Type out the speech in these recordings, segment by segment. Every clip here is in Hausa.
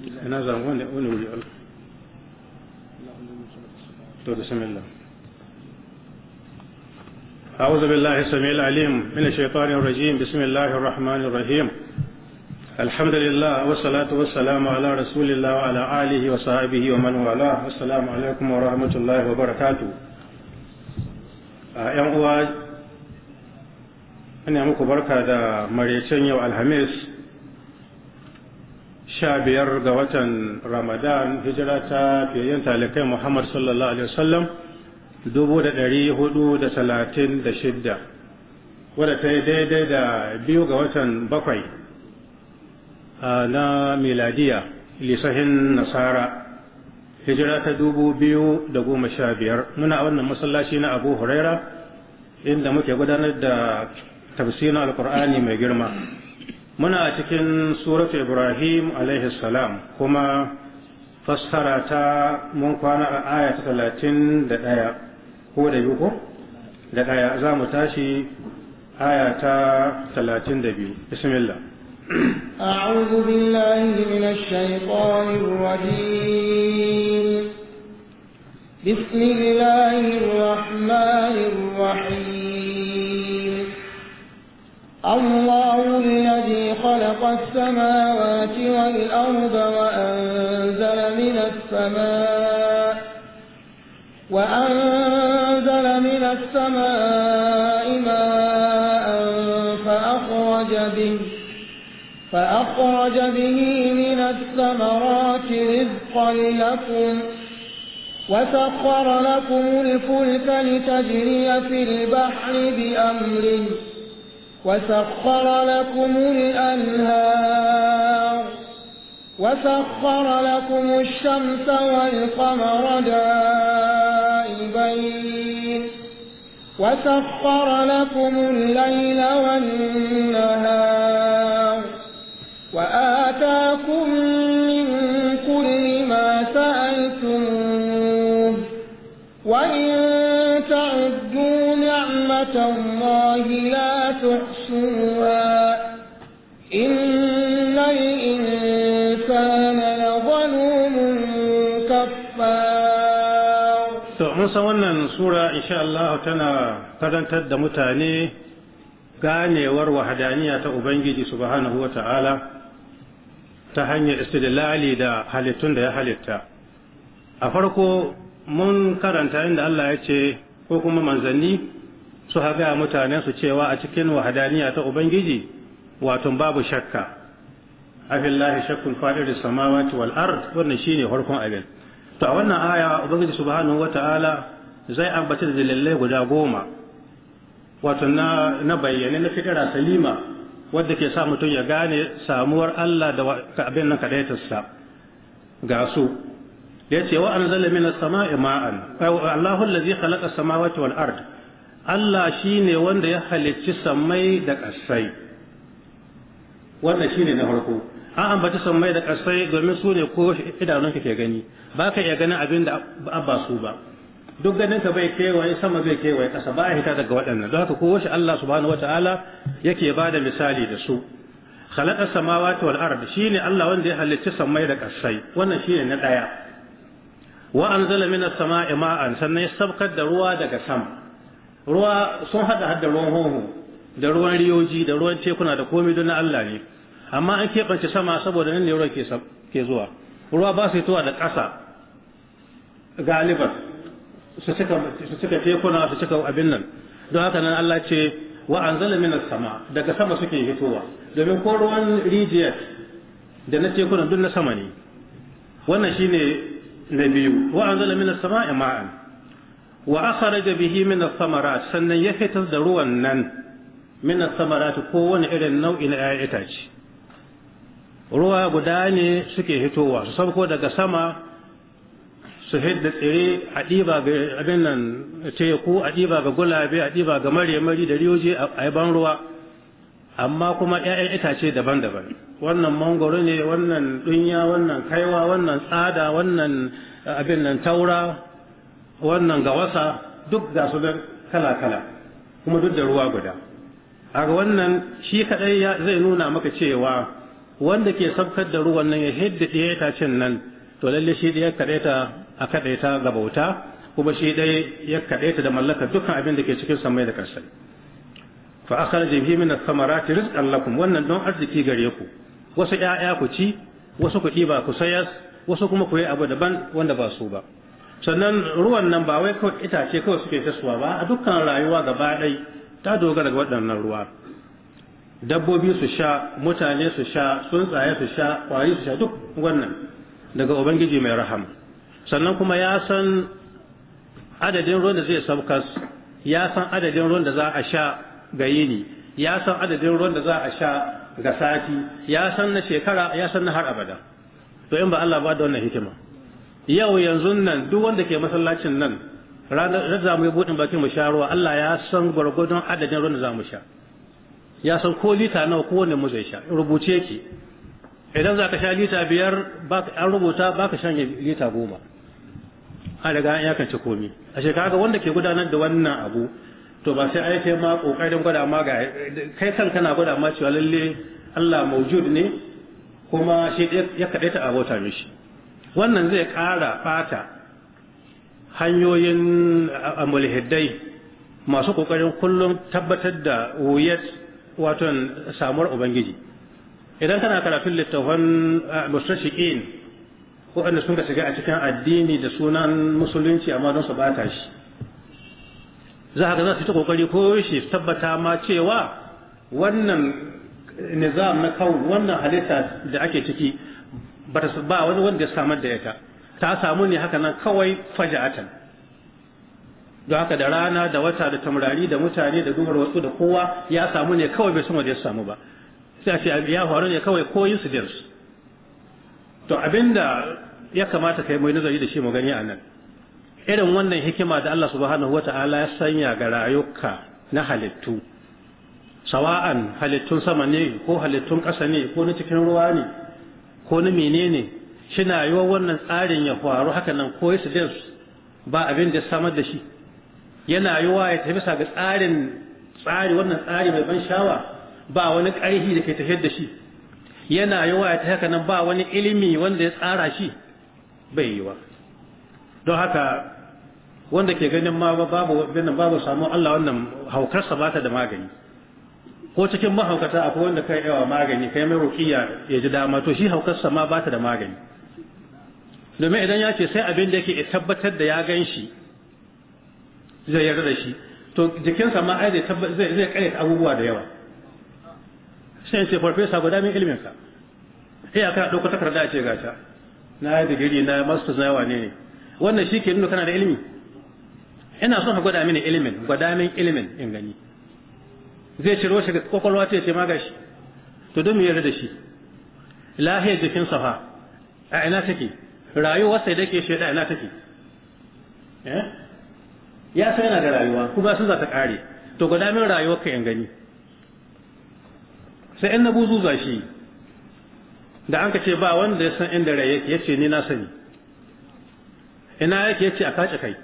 طيب، أعوذ بالله السميع العليم من الشيطان الرجيم بسم الله الرحمن الرحيم الحمد لله والصلاة والسلام على رسول الله وعلى آله وصحبه ومن والاه السلام عليكم ورحمة الله وبركاته ‘yan uwa, ina muku barka da maraicen yau sha biyar ga watan ramadan hijira ta fiyayyen talikai muhammad sallallahu alaihi wasallam dubu da ɗari hudu da talatin da shidda wadda ta yi daidai da biyu ga watan bakwai na miladiya lisahin nasara hijira ta dubu biyu da goma sha biyar muna wannan masallaci na abu huraira inda muke gudanar da tafsirin alkur'ani mai girma منا cikin سوره ابراهيم عليه السلام كما فسرتا من كان ايه 31 هو ده يوكو ده ايه زامو تاشي ايه 32 بسم الله اعوذ بالله من الشيطان الرجيم بسم الله الرحمن الرحيم الله الذي خلق السماوات والأرض وأنزل من السماء وأنزل من السماء ماء فأخرج به فأخرج به من الثمرات رزقا لكم وسخر لكم الفلك لتجري في البحر بأمره وسخر لكم الأنهار وسخر لكم الشمس والقمر دائبين وسخر لكم الليل والنهار وآتاكم من كل ما سألتموه وإن نعمة الله لا تحصوها إن الإنسان لظلوم كفار to mun san wannan sura insha Allah tana karantar da mutane ganewar wahadaniya ta Ubangiji subhanahu wata'ala ta hanyar istidlali da halittun da ya halitta a farko mun karanta inda Allah ya ce ko kuma manzanni su haga mutanen su cewa a cikin wahadaniya ta ubangiji wato babu shakka afillahi shakkun fa'iris samawati wal ard wannan ne farkon abin to a wannan aya ubangiji subhanahu wataala zai ambata da dalilai guda goma wato na bayyane na fitira salima wadda ke sa mutum ya gane samuwar Allah da abin nan kadaitarsa ga su ce wa anzala minas sama'i ma'an Allahun allazi khalaqa samawati wal ard Allah shi ne wanda ya halicci sammai da ƙasai wannan shi ne na farko an ambaci sammai da ƙasai domin su ne ko idanun ke gani ba ka iya ganin abin da ba su ba duk ganin ka bai kewaye sama bai kewaye ƙasa ba a hita daga waɗannan don haka kowace Allah subhanahu wataala yake ba da misali da su khalaqa samawati wal ard shine Allah wanda ya halicci sammai da ƙasai wannan shine na ɗaya wa anzala minas sama'i ma'an sannan ya sabkar da ruwa daga sama ruwa sun hada hada ruwan honho da ruwan riyoji da ruwan tekuna da komai don na Allah ne amma an keɓance sama saboda nan ne ruwa ke zuwa ruwa ba su fitowa da ƙasa galiban su cika tekuna su cika abin nan don haka nan Allah ce wa anzala minas sama daga sama suke hitowa domin ko ruwan rijiyar da na tekuna duk na sama ne wannan shine na biyu wa anzala minas sama'i ma'an wa akharaja bihi min as thamarat sannan ya fitar da ruwan nan min ath-thamarat ko kowane irin nau'in ƴaƴa itace ruwa guda ne suke hitowa su sauko daga sama su hidda tsire a ɗiba ga abin nan teku a ɗiba ga gulabe a ɗiba ga mare da riyoji a yaban ruwa amma kuma ‘ya'yan itace daban-daban wannan mangoro ne wannan dunya wannan kaiwa wannan tsada wannan abin nan taura wannan ga wasa duk ga su kala kala kuma duk da ruwa guda a wannan shi kadai zai nuna maka cewa wanda ke sabkar da ruwan nan ya hidda ɗaya cin nan to lalle shi ɗaya kaɗaita a kaɗaita ga bauta kuma shi ɗaya ya kaɗaita da mallaka dukkan abin da ke cikin samai da ƙarshen. fa akhraja bihi min samara thamarati rizqan lakum wannan don arziki gare ku wasu ƴaƴa ku ci wasu ku ɗiba ku sayas wasu kuma ku yi abu daban wanda ba su ba sannan ruwan nan ba wai kawai itace kawai suke kasuwa ba a dukkan rayuwa gaba ɗai ta dogara ga waɗannan ruwa dabbobi su sha mutane su sha tsuntsaye su sha ƙwari su sha duk wannan daga ubangiji mai rahama sannan kuma ya san adadin ruwan da zai saukas ya san adadin ruwan da za a sha ga yini ya san adadin ruwan da za a sha ga sati ya san na shekara ya san na har abada to in ba Allah ba da wannan hikima yau yanzu nan duk wanda ke masallacin nan ranar za mu yi buɗin bakin mu sha ruwa Allah ya san gwargwadon adadin ruwan da za mu sha ya san ko lita nawa kowane mu zai sha rubuce ki idan za ka sha lita biyar an rubuta ba ka shan lita goma a daga an yakance komi a shekara wanda ke gudanar da wannan abu to ba sai aike ma kokarin gwada ma ga kai kan kana gwada ma cewa lalle Allah maujud ne kuma shi ya kaɗaita a abota mishi wannan zai ƙara ɓata hanyoyin mulhiddai masu ƙoƙarin kullum tabbatar da wuyat waton samuwar ubangiji idan kana karatun littafan mustashiqin waɗanda sun shiga a cikin addini da sunan musulunci amma don su bata shi za ka za su ta ƙoƙari ko shi tabbata ma cewa wannan nizam na kawo wannan halitta da ake ciki ba ta ba wani wanda ya samar da ita ta samu ne haka nan kawai faja'atan don haka da rana da wata da tamrari da mutane da duhar wasu da kowa ya samu ne kawai bai san da ya samu ba sai a ce ya faru ne kawai ko incidents to abinda ya kamata kai mai nazari da shi mu gani a nan irin wannan hikima da Allah subhanahu wata'ala ya sanya ga rayuka na halittu sawa'an halittun sama ne ko halittun ƙasa ne ko na cikin ruwa ne ko na menene shina yiwuwar wannan tsarin ya faru haka nan ko incidents ba abin da samar da shi yana yiwuwa ya tafi sa ga tsarin tsari wannan tsari mai ban shawa ba wani ƙarfi da ke tafiyar da shi yana yiwuwa ya tafi haka nan ba wani ilimi wanda ya tsara shi bai wa. don haka wanda ke ganin ma babu babu samu Allah wannan haukarsa ba ta da magani ko cikin mahaukata akwai wanda kai yawa magani kai mai rukiya ya ji dama to shi haukarsa ma ba ta da magani domin idan ya ce sai abin da yake tabbatar da ya gan shi zai yarda da shi to jikinsa ma ai zai zai abubuwa da yawa sai ce farfesa guda min ilimin ka iya kana takarda a ce gata na yi digiri na masters na yawa ne wannan shi ke nuna kana da ilimi ina so ka gwada mini ilimin gwada min ilimin in gani zai ciro shi kwakwalwa ce ce magashi to don mu yarda da shi lahiyar jikin safa a ina take Rayuwa sai dake shi da ina take eh? ya san yana da rayuwa kuma sun za ta kare to guda min rayuwar ka yan gani sai in na zuwa shi da an ka ce ba wanda ya san inda rayuwa yake yace ni na sani ina yake yace a kace kai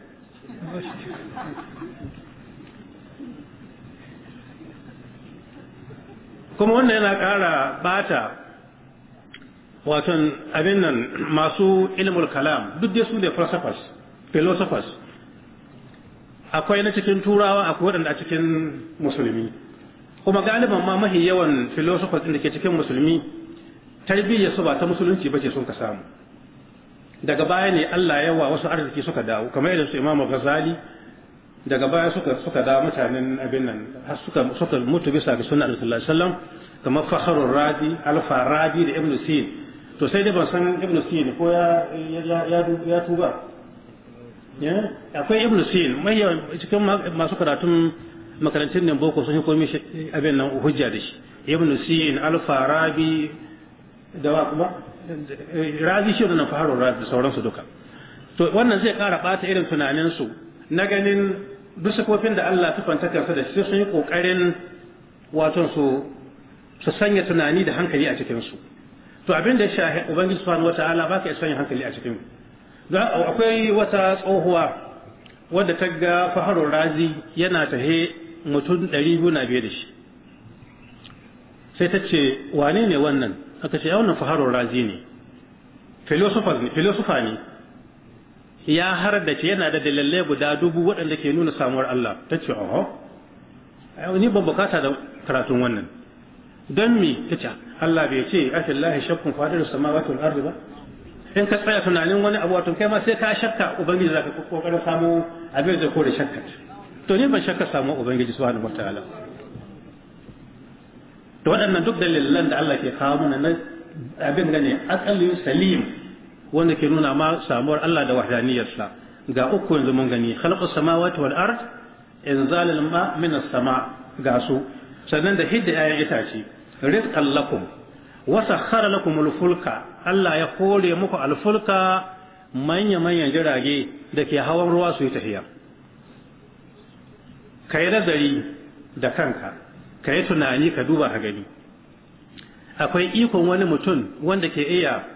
kuma wannan yana ƙara bata waton abin nan masu ilimul kalam duk dai su ne philosophers philosophers akwai na cikin turawa akwai waɗanda a cikin musulmi kuma galiban ma mahi yawan philosophers ɗin da ke cikin musulmi tarbiyyar su ba ta musulunci ba ce sun ka samu daga baya ne Allah yawa wasu arziki suka dawo kamar irin su Imam Ghazali daga baya suka suka da mutanen abin nan har suka suka mutu bisa ga sunnar Annabi sallallahu alaihi wasallam kamar Fakhrul Radi Alfa Faradi da Ibn Sina to sai dai ban san Ibn Sina ko ya ya ya tuba eh? akwai Ibn Sina mai cikin masu karatun makarantun nan boko sun komi abin nan hujja da shi Ibn Sina Alfa Rabi da wa kuma Razi shi da Fakhrul Radi sauransu duka to wannan zai kara bata irin su na ganin duk sifofin da Allah sifanta kansa da shi sun yi kokarin wato su su sanya tunani da hankali a cikin su to abin da shahi ubangiji subhanahu wataala ba ka sanya hankali a cikin akwai wata tsohuwa wadda ta ga faharun razi yana tahe mutum ɗari biyu na da shi sai ta ce wane ne wannan aka ce ya wannan faharun razi ne filosofa ne ya har da ce yana da dalilai guda dubu waɗanda ke nuna samuwar Allah ta ce oho ni ban bukata da karatun wannan don me ta ce Allah bai ce afin lahi shakkun fadar samawati wal arzi ba in ka tsaya tunanin wani abu wato kai ma sai ka shakka ubangiji za ka kokarin samu abin da kore shakka to ni ban shakka samu ubangiji subhanahu wataala to waɗannan duk dalilan da Allah ke kawo mana na abin ne asali salim wanda ke nuna ma samuwar Allah da wahdaniyarsa ga uku yanzu mun gani khalqus samawati wal ard inzalal ma min sama ga su sannan da hidda ayan itace rizqan lakum wa sakhkhara lakum al fulka Allah ya kore muku al fulka manya manyan jirage da ke hawan ruwa su yi tafiya kai nazari da kanka kai tunani ka duba ka gani akwai ikon wani mutum wanda ke iya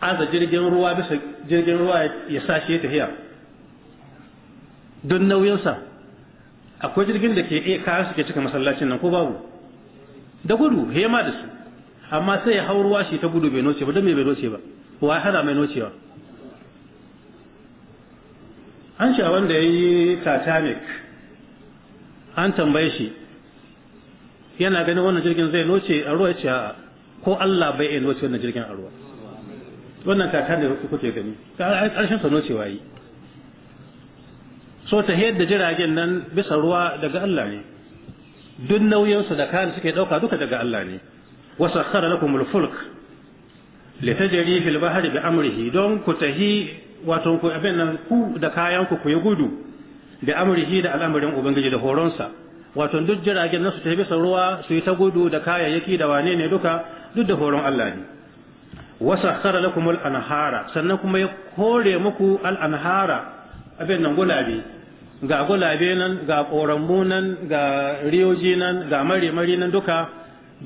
aza jirgin ruwa bisa jirgin ruwa ya sashe ta tafiya don nauyinsa akwai jirgin da ke iya kayan suke cika masallacin nan ko babu da gudu hema da su amma sai ya hau ruwa shi ta gudu bai noce ba don bai noce ba wa hana mai nocewa an sha wanda ya yi titanic an tambaye shi yana ganin wannan jirgin zai noce a ruwa ya ce ko allah bai iya noce wannan jirgin a ruwa wannan kaka da kuke gani ƙarshen sa nocewa yi so ta hedda jiragen nan bisa ruwa daga Allah ne duk nauyinsu da kayan suke ɗauka duka daga Allah ne wasu kara lakum mulfulk litajri fil bahri bi amrihi don ku tahi wato ku abin nan ku da kayan ku ku yi gudu bi amrihi da al'amarin ubangiji da horonsa wato duk jiragen nan su tafi bisa ruwa su yi ta gudu da kayayyaki da wane ne duka duk da horon Allah ne wasakhara lakum anhara sannan kuma ya kore muku al-anhara abin nan gulabe ga gulabe nan ga korambu nan ga riyoji nan ga mare-mare nan duka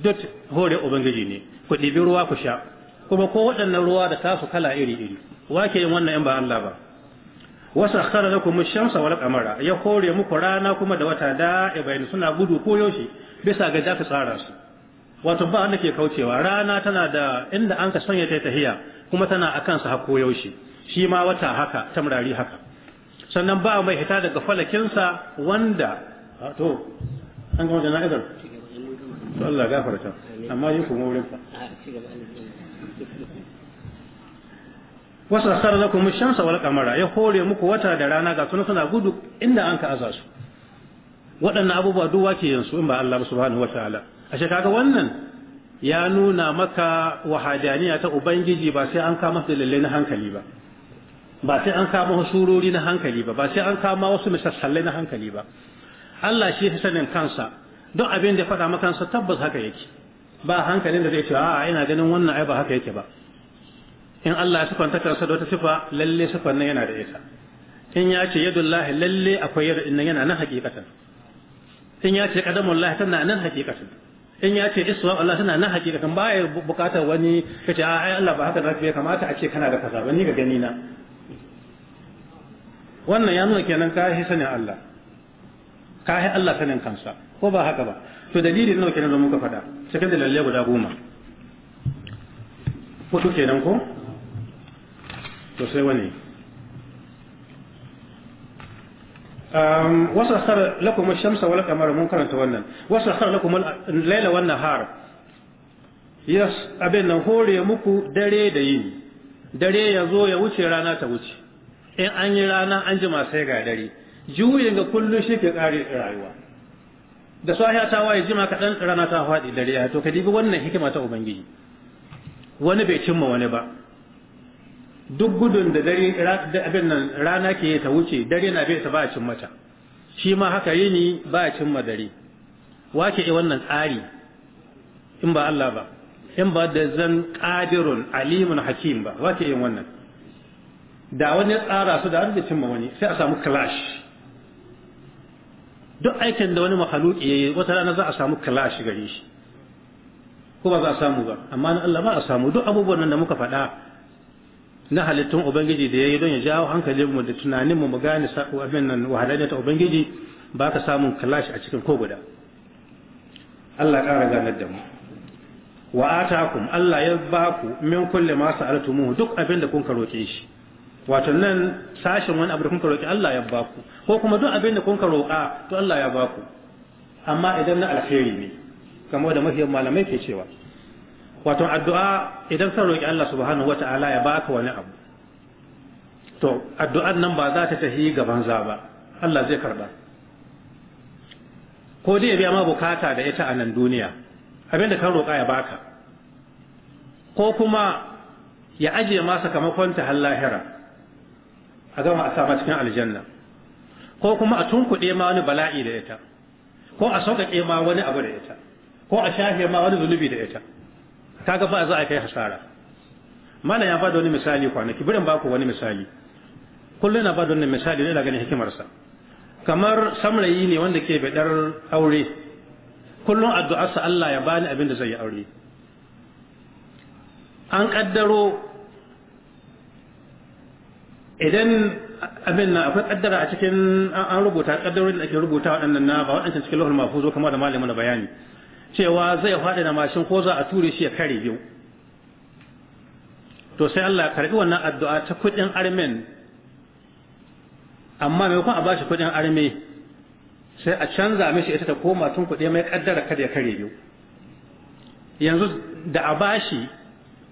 duk hore ubangiji ne ku ɗibi ruwa ku sha kuma ko waɗannan ruwa da tasu kala iri-iri wake yin wannan in ba Allah ba wasakhara da kuma shamsa wal qamara ya kore muku rana kuma da wata da'ibain suna gudu ko yaushe bisa ga jafi tsara su wato ba wanda ke kaucewa rana tana da inda an ka sanya ta tahiya kuma tana a kansa hako yaushe shi ma wata haka tamrari haka sannan ba mai hita daga falakinsa wanda to an gama jana'izar to Allah gafarta amma yi kuma wurin fa wasu asar ku kuma shamsa wal kamara ya hore muku wata da rana ga suna suna gudu inda an ka aza su waɗannan abubuwa duk wake yansu in ba Allah subhanahu wataala ashe kaga wannan ya nuna maka wahadaniya ta ubangiji ba sai an kama su lalle na hankali ba ba sai an kama wasu surori na hankali ba ba sai an kama wasu misassalai na hankali ba Allah shi ya sanin kansa don abin da ya faɗa maka kansa tabbas haka yake ba hankalin da zai ce a'a ina ganin wannan ai ba haka yake ba in Allah ya sifanta kansa da wata sifa lalle sifan nan yana da ita in ya ce yadullahi lalle akwai yadda nan yana nan hakikatan in ya ce qadamullahi tana nan hakikatan in ya ce iswa Allah tana nan kan ba ya buƙatar wani ka ce ai Allah ba haka zafi ya kamata a ce kana da kaza ba ni ga gani na wannan ya nuna kenan ka yi sanin Allah ka yi Allah sanin kansa ko ba haka ba to dalilin nawa kenan da muka faɗa cikin dalilai guda goma hudu kenan ko to sai wani Um, wasu asar lakum shamsa wal qamara mun karanta wannan wasu asar lakum Layla wan nahar yes abin nan hore muku dare da yini dare ya zo ya wuce rana ta wuce in an yi rana an jima sai ga dare juyin ga kullum shi ke kare rayuwa da sahiya ta waye jima kaɗan rana ta faɗi dare ya to ka dibi wannan hikima ta ubangiji wani bai cimma wani ba duk gudun da dare abin nan rana ke ta wuce dare na bai ta ba cin mata shi ma haka yini ba cin ma dare wace yi wannan tsari in ba Allah ba in ba da zan qadirun alimun hakim ba wace yin wannan da wani tsara su da har da cimma wani sai a samu clash duk aikin da wani mahaluki yayi wata rana za a samu clash gare shi ko ba za a samu ba amma Allah ba a samu duk abubuwan nan da muka faɗa na halittun ubangiji da ya yi don ya jawo hankalin mu da tunanin mu mu gane abin nan wahalar ta ubangiji ba ka samun kalash a cikin ko guda Allah ƙara ganar da mu wa atakum Allah ya ba ku min kulli ma mu duk abin da kun karoke shi wato nan sashin wani abu da kun karoke Allah ya ba ku ko kuma duk abin da kun roka to Allah ya ba ku amma idan na alkhairi ne kamar da mafiyan malamai ke cewa wato addu'a idan san roki Allah subhanahu wata'ala ya baka wani abu to addu'an nan ba za ta tafi gaban za ba Allah zai karba ko dai ya biya ma bukata da ita a nan duniya abinda kan roka ya baka ko kuma ya ajiye ma sakamakon ta har lahira a gama a sama cikin aljanna ko kuma a tunkuɗe ma wani bala'i da ita ko a sauƙaƙe ma wani abu da ita ko a shafe ma wani zunubi da ita kaga ba za a kai hasara mana ya bada wani misali kwanaki birin ba ku wani misali kullum na bada wani misali ne da ganin hikimarsa kamar samrayi ne wanda ke bidar aure kullum addu'arsa Allah ya bani abin da zai yi aure an kaddaro idan abin na akwai kaddara a cikin an rubuta kaddarorin da ake rubuta waɗannan na ba waɗancan cikin lahul mafuzo kamar da malamin da bayani cewa zai faɗi da mashin ko za a ture shi ya kare biyu to sai Allah ya karɓi wannan addu'a ta kuɗin armen amma maimakon a bashi kuɗin arme sai a canza mishi ita ta koma tun kuɗi mai kaddara kada ya kare biyu yanzu da a bashi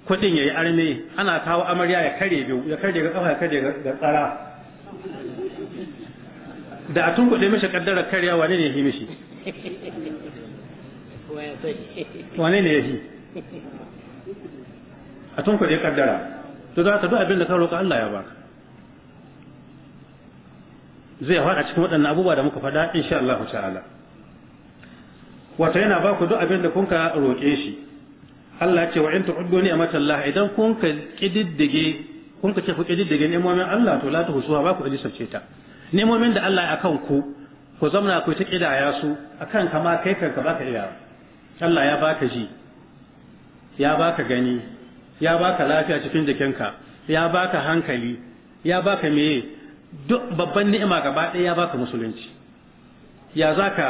kuɗin ya yi arme ana kawo amarya ya kare biyu ya kare ga kafa ya kare ga tsara da a tun kuɗi mishi kaddara karya wane ne ya yi mishi wane ne ya fi a tun kuɗe kaddara to za ka duk abin da ka roƙa Allah ya baka zai faɗa cikin waɗannan abubuwa da muka faɗa insha Allah ta'ala wato yana ba ku duk abin da kun ka roƙe shi Allah ce wa in tu'uddu ni'matan Allah idan kun ka kididdige kun ka ce ku kididdige nemomin Allah to la tuhsuha ba ku lissafce ta nemomin da Allah ya akan ku ku zamana ku ta kidaya su akan kama kai kanka ba ka iya Allah ya baka ji ya baka gani ya baka lafiya cikin jikinka ya baka hankali ya baka meye duk babban ni'ima gaba ɗaya ya baka musulunci ya za ka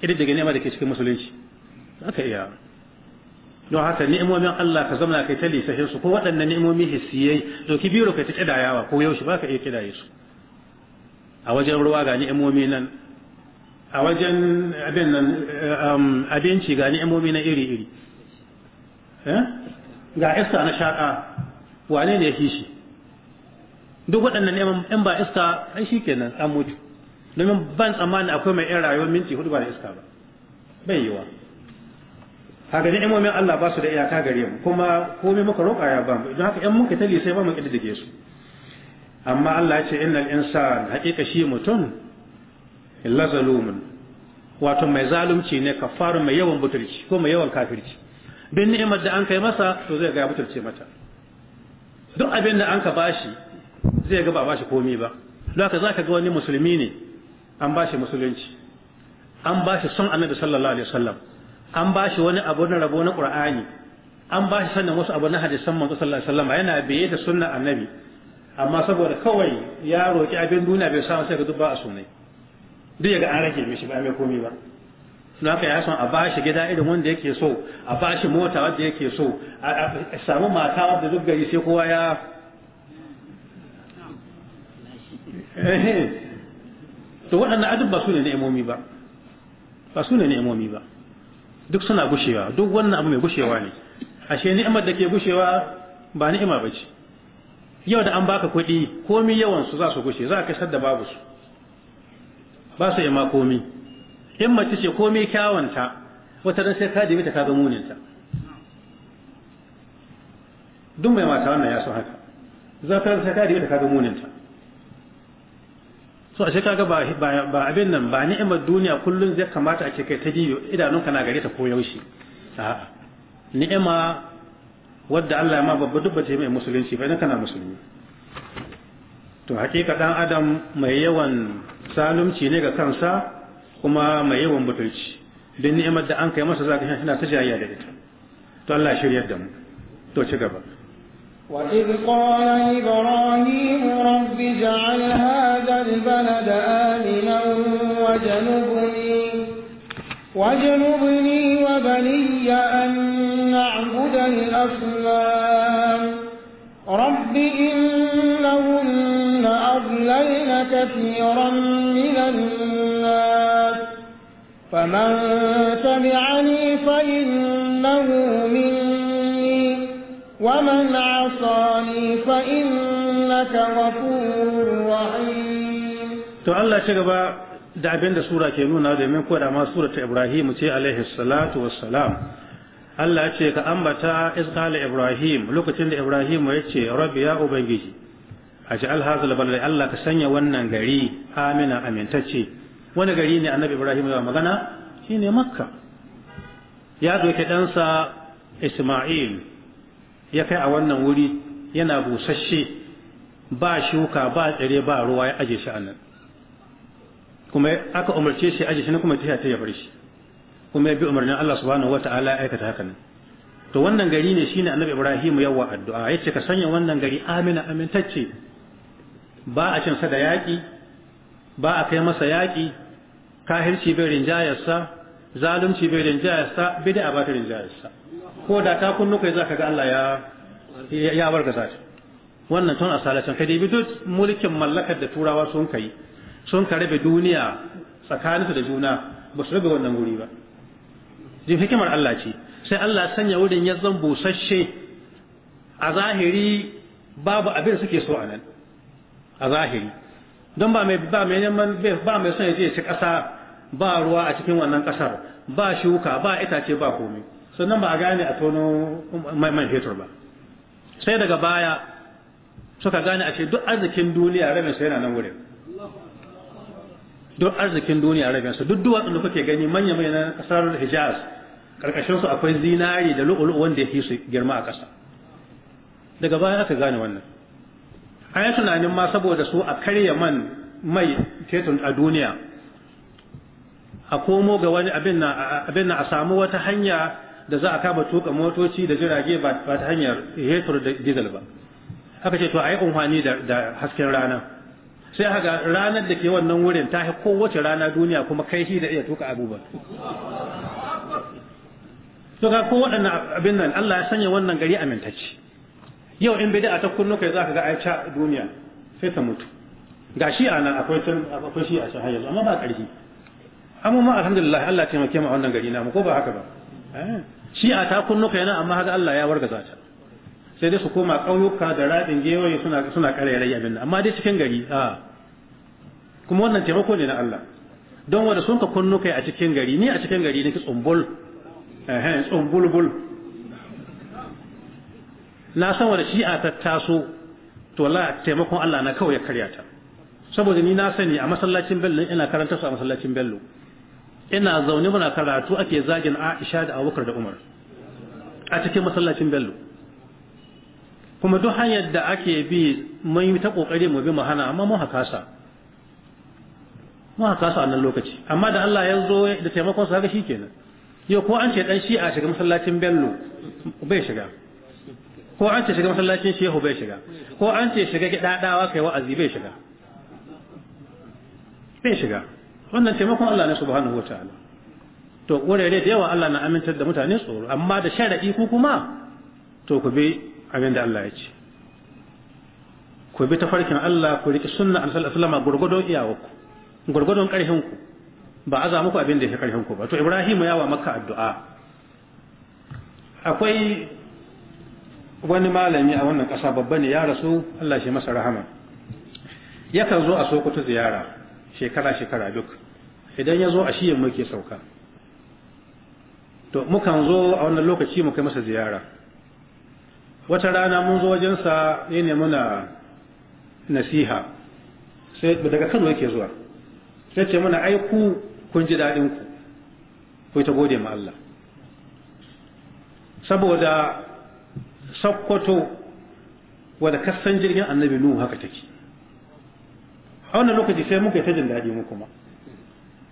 daga ni'ima da ke cikin musulunci za ka iya don haka ni'imomin Allah ka zama kai ta lissafe su ko waɗannan ni'imomi hissiyai doki biro ka ta ƙidayawa ko yaushe ba ka iya ƙidaye su a wajen ruwa ga ni'imomi nan a wajen abin nan um, abinci ga ni'imomi na iri-iri eh? ga iska na shaƙa wane ne ya fi shi duk waɗannan in ba iska ai shi kenan an mutu domin ban tsammanin akwai mai yan rayuwar minti hudu ba da iska ba bai yiwa haka imomin Allah ba su da iyaka gare mu kuma komai muka roƙa ya ba mu haka 'yan muka tali sai ba mu kididdige su amma Allah ya ce innal insan haƙiƙa shi mutum la zalumun wato mai zalunci ne kafaru mai yawan butulci ko mai yawan kafirci bin ni'imar da an kai masa to zai ga ya butulce mata duk abin da an ka bashi zai ga ba bashi komai ba haka zaka ga wani musulmi ne an bashi musulunci an bashi son annabi sallallahu alaihi wasallam an bashi wani abu na rabo na qur'ani an bashi sannan wasu abu na hadisan manzo sallallahu alaihi wasallam yana biye da sunnar annabi amma saboda kawai ya roki abin duniya bai samu sai ga duk ba a sunai duk ya ga an rage mishi ba mai komi ba don haka ya son a bashi gida irin wanda yake so a bashi mota wanda yake so a samu mata wanda duk gari sai kowa ya to waɗannan adub ba su ne ni'imomi ba ba su ne ni'imomi ba duk suna gushewa duk wannan abu mai gushewa ne ashe ni'imar da ke gushewa ba ni'ima ba ce yau da an baka kuɗi komi yawan su za su gushe za ka kai da babu su ba su ma komi in mace ce komi kyawanta wata ran sai ka dibi ta kaga muninta duk mai mata wannan ya so haka za ka sai ka dibi ta kaga muninta so a ashe kaga ba ba abin nan ba ni'imar duniya kullun zai kamata a ce kai ta jiyo idanunka na gare ta ko yaushe a'a ni'ima wadda Allah ma babba duk bace mai musulunci fa idan kana musulmi to hakika dan adam mai yawan salumci ne ga kansa kuma mai yawan butulci don ni'imar da an kai masa zaka shan tana ta jayayya da ita to Allah shiryar da mu to ci gaba وإذ قال إبراهيم رب اجعل هذا البلد آمنا وجنبني واجنبني وبني أن نعبد الأصنام رب إنهن أضللن كثيرا من الناس فمن تبعني فإنه مني ومن عصاني فإنك غفور رحيم تعالى شغبا da abin da sura ke nuna domin ko da ma surata Ibrahim ce alaihi salatu wassalam Allah ya ce ka ambata iskala Ibrahim lokacin da Ibrahim ya ce rabbi ya ubangiji aj'al hadha balad Allah ka sanya wannan gari amina amintacce wani gari ne annabi Ibrahim ya magana shine Makka ya doke ɗansa Isma'il ya kai a wannan wuri yana busasshe ba shuka ba tsire ba ruwa ya aje shi anan kuma aka umarce shi aje shi na kuma tafiya ta ya shi kuma ya bi umarnin Allah subhanahu wata'ala ya aikata haka nan to wannan gari ne shine annabi Ibrahim yawa addu'a yace ka sanya wannan gari amina amintacce ba a cin sa da yaƙi ba a kai masa yaƙi kahirci bai rinjayarsa zalunci bai rinjayarsa bid'a ba ta rinjayarsa ko da ta kunnu kai za ka ga Allah ya ya za ta. wannan tun asalacin kai dai duk mulkin mallakar da turawa sun kai sun ka rabe duniya tsakaninsu da juna ba su rabe wannan wuri ba jin hikimar Allah ce sai Allah sanya wurin ya zan busasshe a zahiri babu abin suke so a nan a zahiri don ba mai ba mai neman ba mai son ya je ci ƙasa ba ruwa a cikin wannan ƙasar ba shuka ba itace ba komai sannan ba a gane a tono man fetur ba sai daga baya suka gane a ce duk arzikin duniya rabin sa yana nan wurin duk arzikin duniya rabin sa duk duwatsun da kuke gani manya mai na ƙasar hijaz karkashin su akwai zinari da lu'ulu'u wanda ya su girma a ƙasa daga baya aka gane wannan an yi tunanin ma saboda su a karya man mai fetur a duniya a komo ga wani abin na a samu wata hanya da za a kama tuka motoci da jirage ba ta hanyar hetur da diesel ba aka ce to a yi unhwani da hasken rana sai haka ranar da ke wannan wurin ta kowace rana duniya kuma kai shi da iya tuka abubuwa to ga ko waɗannan abin nan Allah ya sanya wannan gari amintacci yau in bid'a ta kunno kai za ka ga a ca duniya sai ta mutu ga shi a nan akwai akwai shi a hanyar. amma ba ƙarfi amma ma alhamdulillah Allah ya taimake mu a wannan gari namu ko ba haka ba eh. shi a ta kunno kai nan amma haka Allah ya wargaza ta sai dai su koma ƙauyuka da raɗin gewaye suna suna ƙarairayi abin amma dai cikin gari a kuma wannan taimako ne na Allah don wanda sun ka kunno kai a cikin gari ni a cikin gari ki tsumbul eh tsumbulbul na san wani shi'a ta taso to wallahi taimakon Allah na kawai ya karya ta saboda ni na sani a masallacin Bello ina karanta su a masallacin Bello ina zaune muna karatu ake zagin Aisha da Abubakar da Umar a cikin masallacin Bello kuma duk hanyar da ake bi mun yi ta kokari mu bi mu hana amma mun hakasa mun hakasa a nan lokaci amma da Allah ya zo da taimakon sa ga shikenan yau ko an ce dan shi'a shiga masallacin Bello bai shiga ko an ce shiga masallacin shehu bai shiga ko an ce shiga gidadawa kai wa'azi bai shiga bai shiga wannan taimakon Allah ne subhanahu wataala to wurare da yawa Allah na amintar da mutane tsoro amma da sharadi ku kuma to ku bi abin da Allah ya ce ku bi tafarkin Allah ku riki sunna an sallallahu alaihi wasallam gurgudon iyawarku gurgudon karhin ku ba aza muku abin da ya karhin ku ba to Ibrahim ya wa Makka addu'a akwai wani malami a wannan ƙasa babba ne ya rasu Allah shi masa rahama yakan zo a Sokoto ziyara shekara shekara duk idan ya zo a shiyin muke sauka to mukan zo a wannan lokaci mu kai masa ziyara wata rana mun zo wajensa ya ne muna nasiha sai daga Kano yake zuwa sai ce muna aiku kun ji daɗin ku ku ta gode ma Allah saboda sakkwato wadda kasan jirgin annabi nuhu haka take a wannan lokaci sai muka yi ta jin daɗi mu kuma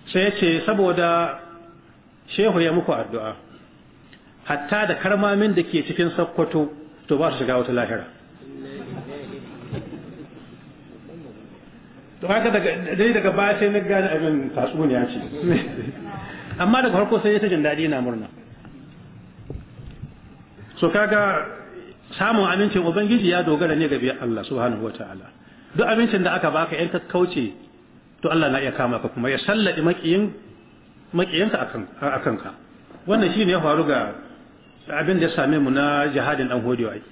sai ce saboda shehu ya muku addu'a hatta da karmamin da ke cikin sakkwato to ba su shiga wata lahira to haka dai daga baya sai na gane abin tatsuniya ce amma daga farko sai ya ta jin daɗi na murna so kaga samun amincin ubangiji ya dogara ne ga biyar Allah subhanahu wataala duk amincin da aka baka yan ka kauce to Allah na iya kama ka kuma ya sallade makiyin makiyanka akan akan ka wannan shine ya faru ga abin da ya same mu na jihadin dan hodiyo ai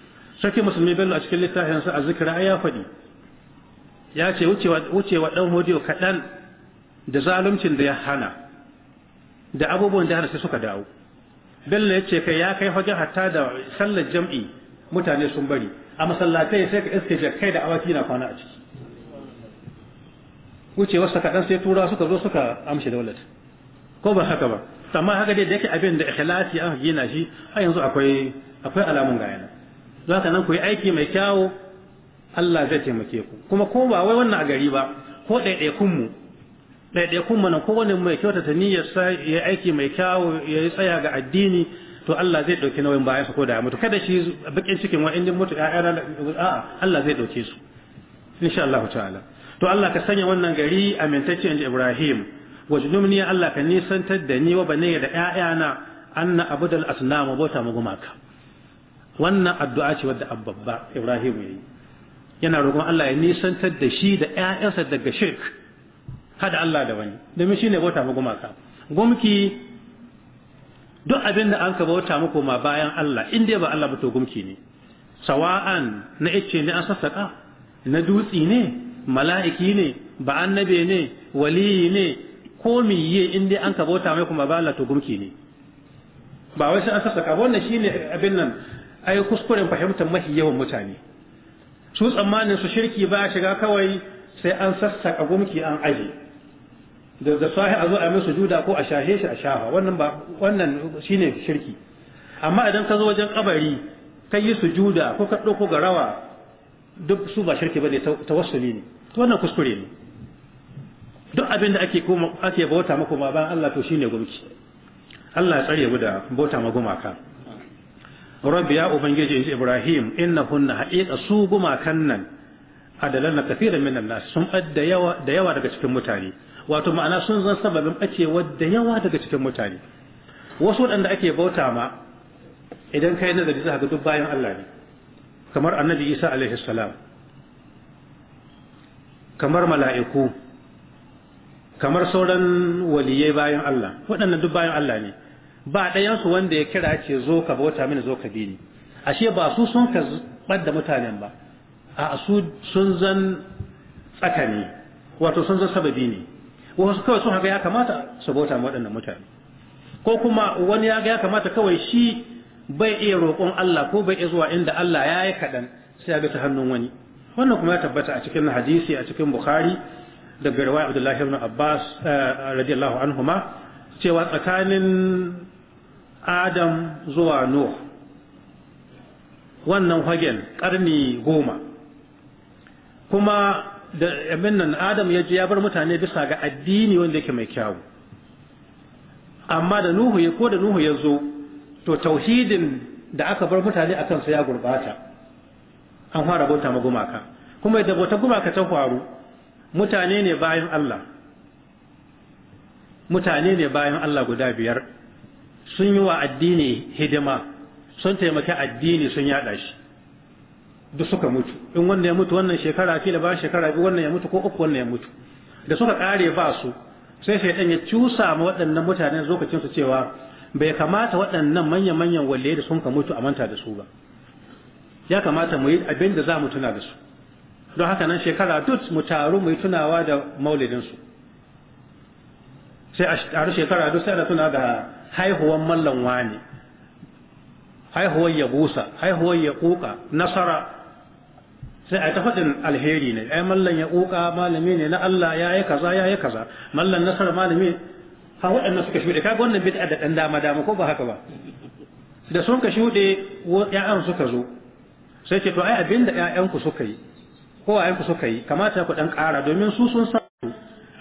sarki musulmi bello a cikin littafin sa azzikra ya faɗi ya ce wucewa wucewa dan hodiyo kadan da zaluncin da ya hana da abubuwan da hana sai suka dawo bello ya ce kai ya kai hujja hatta da sallar jam'i mutane sun bari a masallatai sai ka iske kai da awaki na kwana a ciki wasu kaɗan sai tura suka zo suka amshi daulat ko ba haka ba amma haka dai da yake abin da ikhlasi an gina shi a yanzu akwai akwai alamun ga yana don haka nan ku yi aiki mai kyawu Allah zai taimake ku kuma ko ba wai wannan a gari ba ko ɗaiɗaikun mu ɗaiɗaikun mu nan kowane mai kyautata niyyar sa ya aiki mai kyawu ya tsaya ga addini to Allah zai dauki nauyin bayan su ko da ya mutu kada shi bakin cikin wa in mutu ƴaƴana a'a Allah zai dauke su insha Allah ta'ala to Allah ka sanya wannan gari amintacce inji Ibrahim wajnumni Allah ka nisantar da ni wa bane da ƴaƴana anna abudal asnam bauta magumaka wannan addu'a ce wadda abbabba Ibrahim yayi yana roƙon Allah ya nisantar da shi da ƴaƴansa daga shirk hada Allah da wani domin shine bauta magumaka gumki duk abin da an ka bauta muku ma bayan Allah in dai ba Allah ba to gumki ne sawa'an na ice ne an sassaka na dutsi ne mala'iki ne ba annabe ne waliyi ne ko miye in dai an ka bauta muku ma ba Allah to gumki ne ba wai sai an sassaka wannan shine abin nan ai kuskuren fahimtar mafi yawan mutane su tsammanin su shirki ba shiga kawai sai an sassaka gumki an aje da sahi a zo a masa juda ko a shahe shi a shafa wannan ba wannan shine shirki amma idan ka zo wajen kabari ka yi sujuda ko ka dauko ga rawa duk su ba shirki bane tawassuli ne to wannan kuskure ne duk abin da ake kuma ake bauta maka ma bayan Allah to shine gumki Allah ya tsare guda da bauta ma gumaka rabbi ya ubangiji ji ibrahim innahunna haqiqa su gumakan nan adalan kafiran minan nas sun adda yawa da yawa daga cikin mutane wato ma'ana sun zan sababin bacewa da yawa daga cikin mutane wasu waɗanda ake bauta ma idan kai nazari za ga duk bayan Allah ne kamar annabi Isa alaihi salam kamar mala'iku kamar sauran waliyai bayan Allah waɗannan duk bayan Allah ne ba ɗayansu wanda ya kira ce zo ka bauta mini zo ka bi ni ashe ba su sun ka ɓadda mutanen ba a su sun zan tsakani wato sun zan sababi ne wasu kawai sun haka ya kamata su bauta ma waɗannan mutane ko kuma wani ya ga ya kamata kawai shi bai iya roƙon Allah ko bai iya zuwa inda Allah ya yi kaɗan sai ya ga ta hannun wani wannan kuma ya tabbata a cikin hadisi a cikin bukhari da garwa abdullahi ibn abbas eh, radiyallahu anhuma cewa tsakanin adam zuwa nuh wannan hagen karni goma kuma da abin nan adam ya ji ya bar mutane bisa ga addini wanda yake mai kyawu amma da nuhu ya ko da nuhu ya zo to tauhidin da aka bar mutane akan sa ya gurbata an fara bauta ma gumaka kuma yadda bauta gumaka ta faru mutane ne bayan Allah mutane ne bayan Allah guda biyar sun yi wa addini hidima sun taimaki addini sun yada shi duk suka mutu in wannan ya mutu wannan shekara kila ba shekara biyu wannan ya mutu ko uku wannan ya mutu da suka kare ba su sai shaidan ya cusa ma waɗannan mutane lokacin su cewa bai kamata waɗannan manyan manyan walle da sun ka mutu a manta da su ba ya kamata mu yi abin da za mu tuna da su don haka nan shekara duk mu taru mu yi tunawa da maulidinsu sai a taru shekara duk sai ana tuna da haihuwan mallan wani haihuwar ya busa haihuwar ya kuka nasara sai a ta faɗin alheri ne ai mallan ya kuka malami ne na Allah ya yi kaza ya yi kaza mallan nasar malami fa waɗannan suka ka ga wannan bid'a da dan dama dama ko ba haka ba da sun ka shude ƴaƴan suka zo sai ce to ai abinda da ƴaƴanku suka yi ko ku suka yi kamata ku dan kara domin su sun san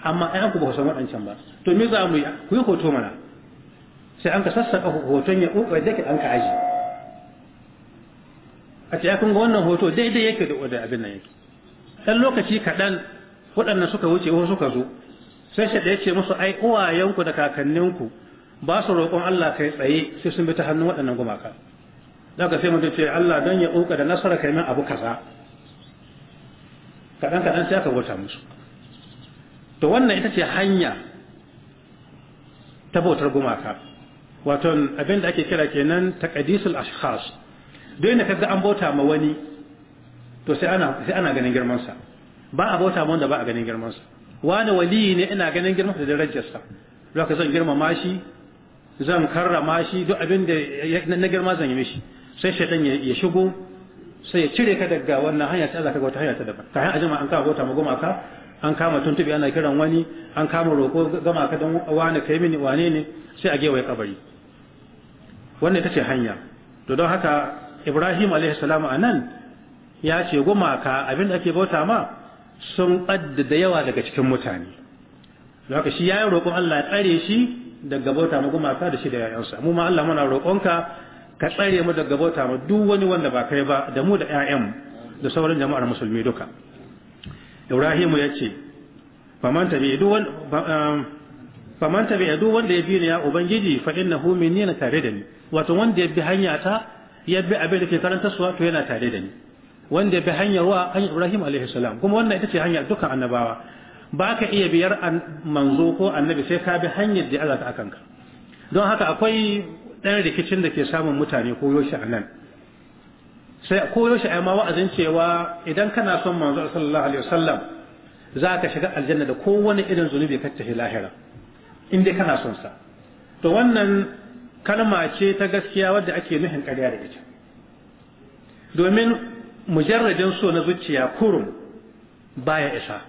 amma ƴaƴanku ba su san wadancan ba to me za mu yi ku yi hoto mana sai an ka sassaƙa hoton ya ƙoƙa da ke an ka aji a ce kun ga wannan hoto daidai yake da wadda abin nan yake Ɗan lokaci kaɗan waɗannan suka wuce wasu suka zo sai shi ya ce musu ai uwayenku da kakanninku ba su roƙon Allah kai tsaye sai sun bi ta hannun waɗannan gumaka daga sai mutum ce Allah don ya ƙoƙa da nasara kai min abu kaza kaɗan kaɗan sai aka bauta musu to wannan ita ce hanya ta bautar gumaka wato abin da ake kira kenan takadisul ashkhas don da kaga an bauta ma wani to sai ana sai ana ganin girman sa ba a bauta ma wanda ba a ganin girman sa wani waliyi ne ina ganin girman sa da darajar sa zaka zan girmama shi zan karrama shi duk abin da na girma zan yi mishi sai shaitan ya shigo sai ya cire ka daga wannan hanya sai Allah ka ga wata hanya ta daban kafin hanya jima an kawo bauta ma gumaka an kama tuntubi ana kiran wani an kama roƙo gama ka don wani kai mini wane ne sai a gewaye kabari wannan ita ce hanya to don haka ibrahim alaihi salam anan ya ce gumaka abin da ake bauta ma sun ɓadda da yawa daga cikin mutane zaka shi ya yi roƙon Allah ya tsare shi daga bauta ma gumaka da shi da yayansa mu ma Allah muna roƙonka ka tsare mu daga bauta ma duk wani wanda ba kai ba da mu da ƴaƴan da sauran jama'ar musulmi duka Ibrahimu ya ce faman tabi um, duk wanda ya bi ni ya ubangiji fa innahu minni na tare da ni wato wanda ya bi hanya ta ya bi abin da ke karantarsuwa to yana tare da ni wanda bi hanyar wa hanyar Ibrahim alaihi salam kuma wannan ita ce hanyar dukkan annabawa ba ka iya biyar manzo ko annabi sai ka bi hanyar da Allah ta akanka don haka akwai ɗan rikicin da ke samun mutane ko yoshi a nan sai ko yoshi a ma wa'azin cewa idan kana son manzo sallallahu alaihi wasallam za ka shiga aljanna da kowane irin zunubi ka tafi lahira in dai kana son sa to wannan kalma ce ta gaskiya wadda ake nufin ƙarya da ita domin mujarrajin so na zuciya kurum baya isa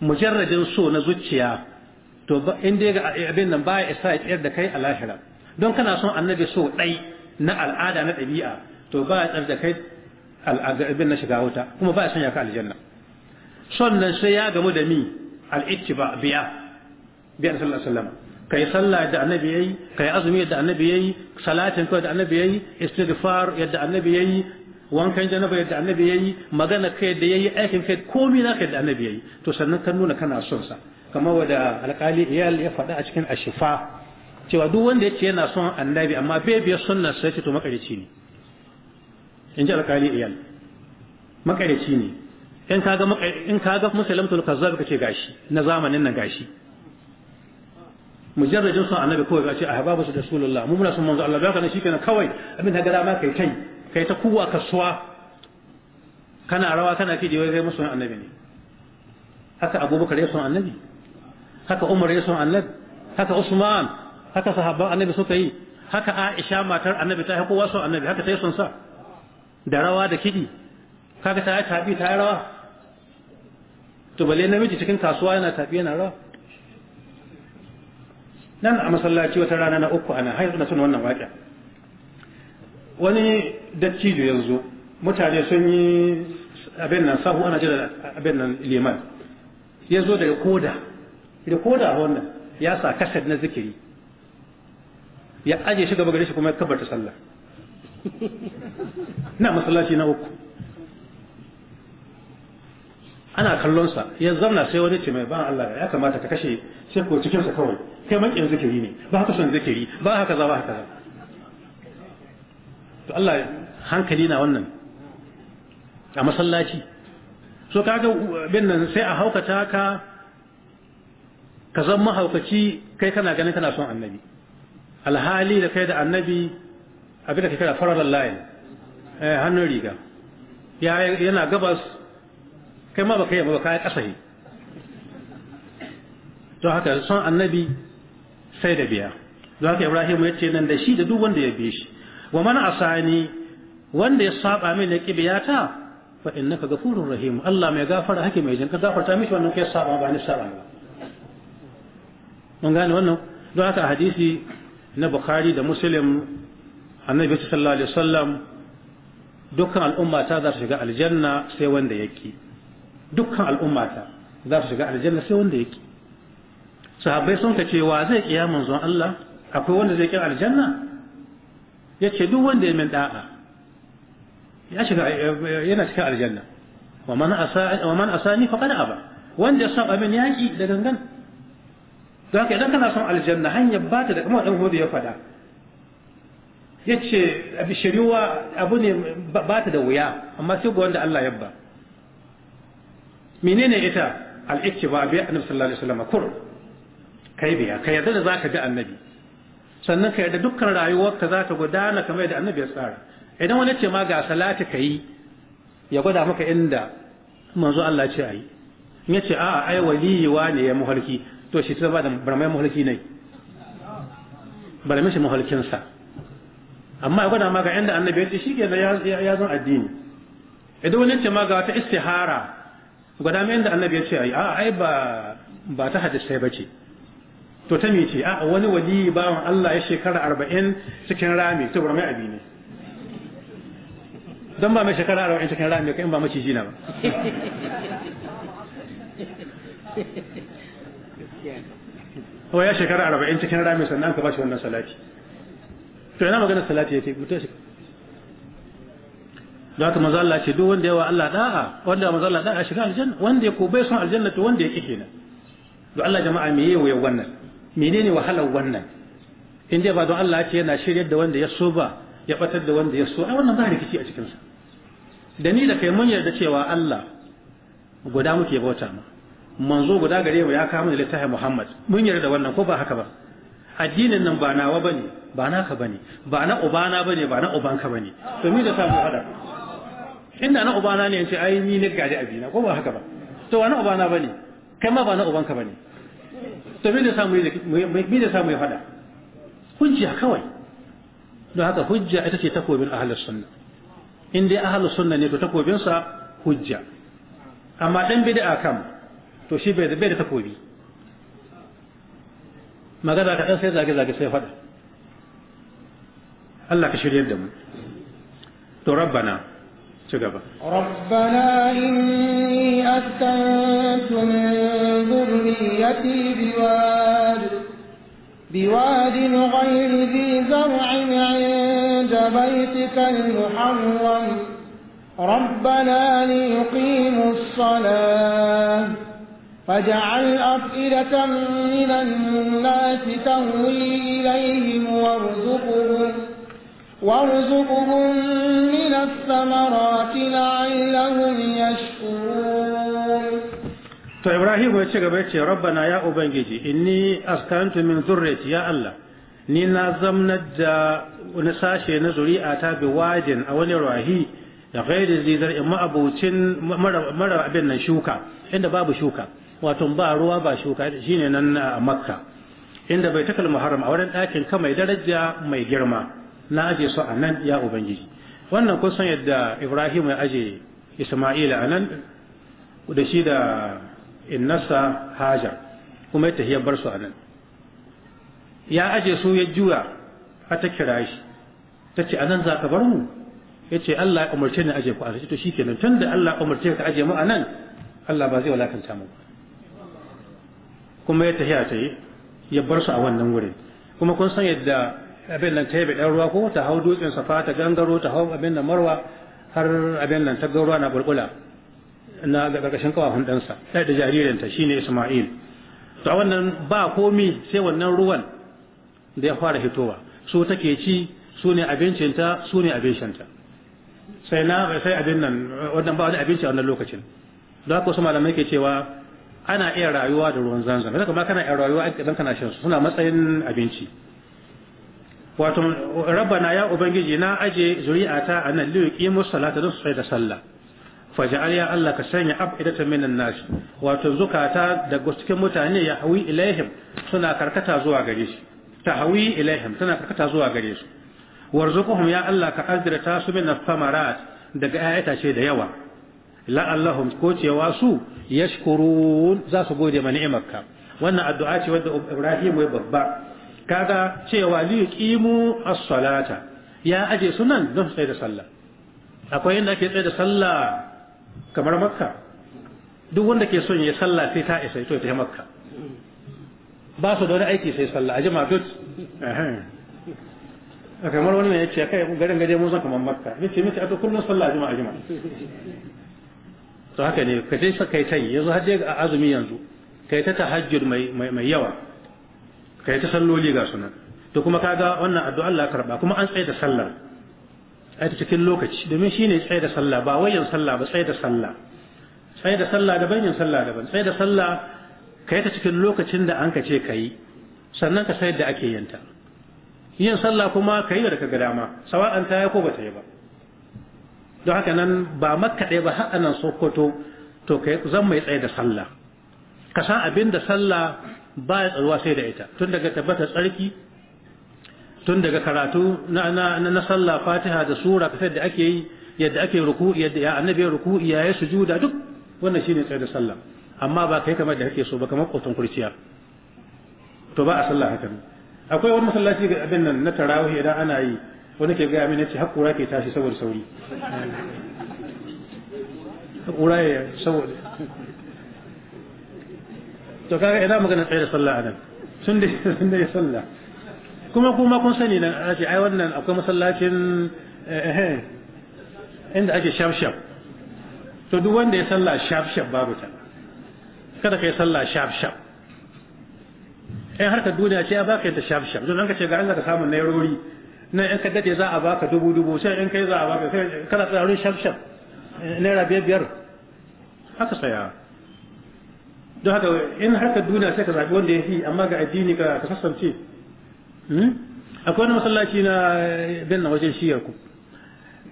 mujarrajin so na zuciya to in dai ga abin nan baya isa ya tsayar da kai a lahira don kana son annabi so ɗai na al'ada na ɗabi'a to ba ya tsayar da kai abin na shiga wuta kuma ba ya sanya ka aljanna son nan sai ya gamu da mi al'ittiba biya biya sallallahu alaihi wasallam kai sallah da annabi yayi kai azumi da annabi yayi salatin ko da annabi yayi istighfar yadda annabi yayi wankan janaba yadda annabi yayi magana kai da yayi aikin kai komai na kai da annabi yayi to sannan ka nuna kana son sa kamar wanda alƙali iyal ya faɗa a cikin ashifa cewa duk wanda yace yana son annabi amma bai biya sunnar sai to makarici ne in ji alƙali iyal makarici ne in kaga in kaga musulmatul kazzab kace gashi na zamanin nan gashi mujarrajin son annabi kawai ba ce a hababu su rasulullah mu muna son manzo Allah ba kana shikenan kawai abin da ma kai kai kai ta kuwa kasuwa kana rawa kana kiji wai kai musu annabi ne haka abubakar ya son annabi haka umar ya son annabi haka usman haka sahabban annabi suka yi haka aisha matar annabi ta kowa son annabi haka ta yi son sa da rawa da kiɗi kaga ta yi tabi ta yi rawa to balle namiji cikin kasuwa yana tafi yana rawa nan a masallaci wata rana na uku ana har na suna wannan waƙa wani dattijo yanzu mutane sun yi abin nan sahu ana jira abin nan liman ya zo da rikoda rikoda a wannan ya sa kasar na zikiri ya aje shi gaba gare shi kuma ya kabarta sallah na masallaci na uku ana kallonsa sa ya zauna sai wani ce mai ban Allah ya kamata ka kashe sai ko cikinsa kawai kai mankin zikiri ne ba haka son zikiri ba haka za ba haka za to Allah hankali na wannan a masallaci so kaga bin nan sai a haukata ka ka zan mahaukaci kai kana ganin kana son annabi alhali da kai da annabi abin da kai kira farar layin eh, hannun riga yana gabas kai ma baka yaba kayan asahi don haka san annabi sai da biya don haka ibrahim ya ce nan da shi da duk wanda ya bi shi wa man asani wanda ya saba min ya kibiyata fa innaka ghafurur rahim Allah mai gafara hake mai jin ka gafarta mishi wannan kai saba ba ni saba ba mun gane wannan don haka hadisi na bukhari da muslim annabi sallallahu alaihi wasallam dukkan al'umma ta za su shiga aljanna sai wanda yake dukkan al'ummata za su shiga aljanna sai wanda yake sahabbai sun ka ce wa zai kiya manzon Allah akwai wanda zai kiya aljanna yace duk wanda ya min da'a ya shiga yana cikin aljanna wa man asa wa man asani faqad aba wanda ya saba min yaki da gangan haka idan kana son aljanna hanyar ta da kuma dan hudu ya fada yace abishiriwa abu ne ta da wuya amma sai ga wanda Allah ya ba menene ita al-ittiba bi annabi sallallahu alaihi wasallam kur kai biya kai yadda zaka bi annabi sannan ka yarda dukkan rayuwarka za ta gudana kamar yadda annabi ya tsara idan wani ce ma ga salati ka yi ya gwada maka inda manzo Allah ce ayi in yace ce a'a ai waliyi ne ya muhalki to shi ta ba da barmai muhalki ne barmai shi muhalkinsa amma ya gwada maka inda annabi ya ce shi ke ya zan addini idan wani ce ma ga wata istihara gwada mai yadda annabi ya ce ayi a ai ba ba ta hadis sai bace to ta mece a wani wali bawan Allah ya shekara arba'in cikin rami to bar mai abi ne don ba mai shekara arba'in cikin rami kai in ba maciji na ba ko ya shekara arba'in cikin rami sannan ka ba shi wannan salati to yana magana salati yake mutum don haka manzo Allah ce duk wanda yawa Allah da'a wanda manzo Allah da'a shiga aljanna wanda ya ko bai son aljanna to wanda ya kike na don Allah jama'a me yayi wayar wannan menene wahalar wannan in dai ba don Allah ce yana shiryar da wanda ya so ba ya fatar da wanda ya so ai wannan ba rikici a cikin sa da ni da kai mun yarda cewa Allah guda muke bauta ma manzo guda gare mu ya kawo mana littafin Muhammad mun yarda wannan ko ba haka ba addinin nan ba nawa bane ba naka bane ba na ubana bane ba na ubanka bane to ni da samu hada inda na ubana ne yace ai ni ne a abina ko ba haka ba to wani ubana bane kai ma ba na ubanka bane to me mu yi me sa mu ya fada hujja kawai don haka hujja ita ce takobin ahlus sunna in dai ahlus sunna ne to takobin sa hujja amma dan bid'a kam to shi bai da bai da takobi magana kaɗan sai zage-zage sai faɗa Allah ka shirya da mu to rabbana gaba ربنا إني أسكنت من ذريتي بواد بواد غير ذي زرع عند بيتك المحرم ربنا ليقيموا الصلاة فاجعل أفئدة من الناس تهوي إليهم وارزقهم وارزقهم من الثمرات لعلهم يشكرون to ibrahim ya ci gaba ya ce rabbana ya ubangiji inni askantu min zurriyati ya allah ni na zamna da wani sashe na zuri'a ta bi wajin a wani rahi da ghairi zizar mara abin nan shuka inda babu shuka wato ba ruwa ba shuka shine nan a makka inda bai takal muharram a wurin ɗakin ka mai daraja mai girma na aje su a nan ya ubangiji wannan kusan yadda ibrahim ya aje isma'ila a nan da shi da innasa hajar kuma ya tafi bar su a nan ya aje su ya juya har ta kira shi ta ce a nan za ka bar mu ya ce Allah ya umarce ni aje ku a to shi kenan tun da Allah umarce ka aje mu a nan Allah ba zai walakanta mu kuma ya tafi ta yi ya bar su a wannan wurin kuma kun san yadda abin nan ta yi bidan ruwa ko ta hau dutsen safa ta gangaro ta hau abin nan marwa har abin nan ta ga ruwa na bulbula na ga ƙarƙashin kawafin ɗansa ɗaya da jaririnta shi ne isma'il to a wannan ba komi sai wannan ruwan da ya fara hitowa su take ci su ne abincinta su ne abincinta sai na sai abin nan wannan ba wani abinci a wannan lokacin don haka wasu malamai ke cewa ana iya rayuwa da ruwan zanzan kuma kana iya rayuwa idan kana shan su suna matsayin abinci wato rabbana ya ubangiji na aje zuri'ata a nan yuqimu salata da su da sallah faj'al ya Allah ka sanya abidatan minan nas wato zukata daga cikin mutane ya hawi ilaihim suna karkata zuwa gare shi ta hawi ilaihim suna karkata zuwa gare su warzuquhum ya Allah ka azrata su min samarat daga ayata ce da yawa La'allahu ko cewa su yashkurun za su gode ma ni'imarka wannan addu'a ce wadda Ibrahim ya babba kaga cewa li qimu as-salata ya aje sunan don tsaye da sallah akwai inda ake tsaye da sallah kamar makka duk wanda ke son ya sallah sai ta isa to ta makka ba su da wani aiki sai sallah aje ma duk kamar wannan ya ce kai garin gaje mun san kamar makka ne miki a duk kullun sallah ajima ajima to haka ne ka sai kai tai yanzu har dai azumi yanzu kai ta tahajjud mai mai yawa kai ta salloli ga sunan to kuma kaga wannan addu'a Allah karba kuma an tsaye da sallah ai ta cikin lokaci domin shine tsaye da sallah ba wayan sallah ba tsaye da sallah tsaye da sallah daban yin sallah daban tsaye da sallah kai ta cikin lokacin da an ka ce kai sannan ka tsaye da ake yanta yin sallah kuma kai da kaga dama sawa'an ta ko ta yi ba don haka nan ba makka ɗaya ba har anan sokoto to kai zan mai tsaye da sallah ka san abin da sallah ba ya tsaruwa sai da ita tun daga tabbatar tsarki tun daga karatu na na sallah fatiha da sura kafin da ake yi yadda ake ruku yadda ya annabi ruku ya yi sujuda duk wannan shine tsaye da sallah amma ba kai kamar da kake so ba kamar kotun kurciya to ba a sallah haka akwai wani masallaci ga abin nan na tarawih idan ana yi wani ke gaya mini ce hakura ke tashi saboda sauri hakura ya saboda to kaga ina magana tsaye da sallah anan sun da sun da sallah kuma kuma kun sani nan a ce ai wannan akwai masallacin eh, eh inda ake shafshaf to duk wanda ya sallah shafshaf babu ta kada kai sallah shafshaf ai harka duniya ce a baka ta shafshaf don ka ce ga Allah ka samu na yarori na in ka dade za a baka dubu dubu sai in kai za a baka kana tsarin shafshaf eh, naira biyar biyar haka saya don haka in haka duniya sai ka zaɓi wanda ya fi amma ga addini ka sassance hmm? akwai wani masallaci na eh, bin na wajen shiyar ku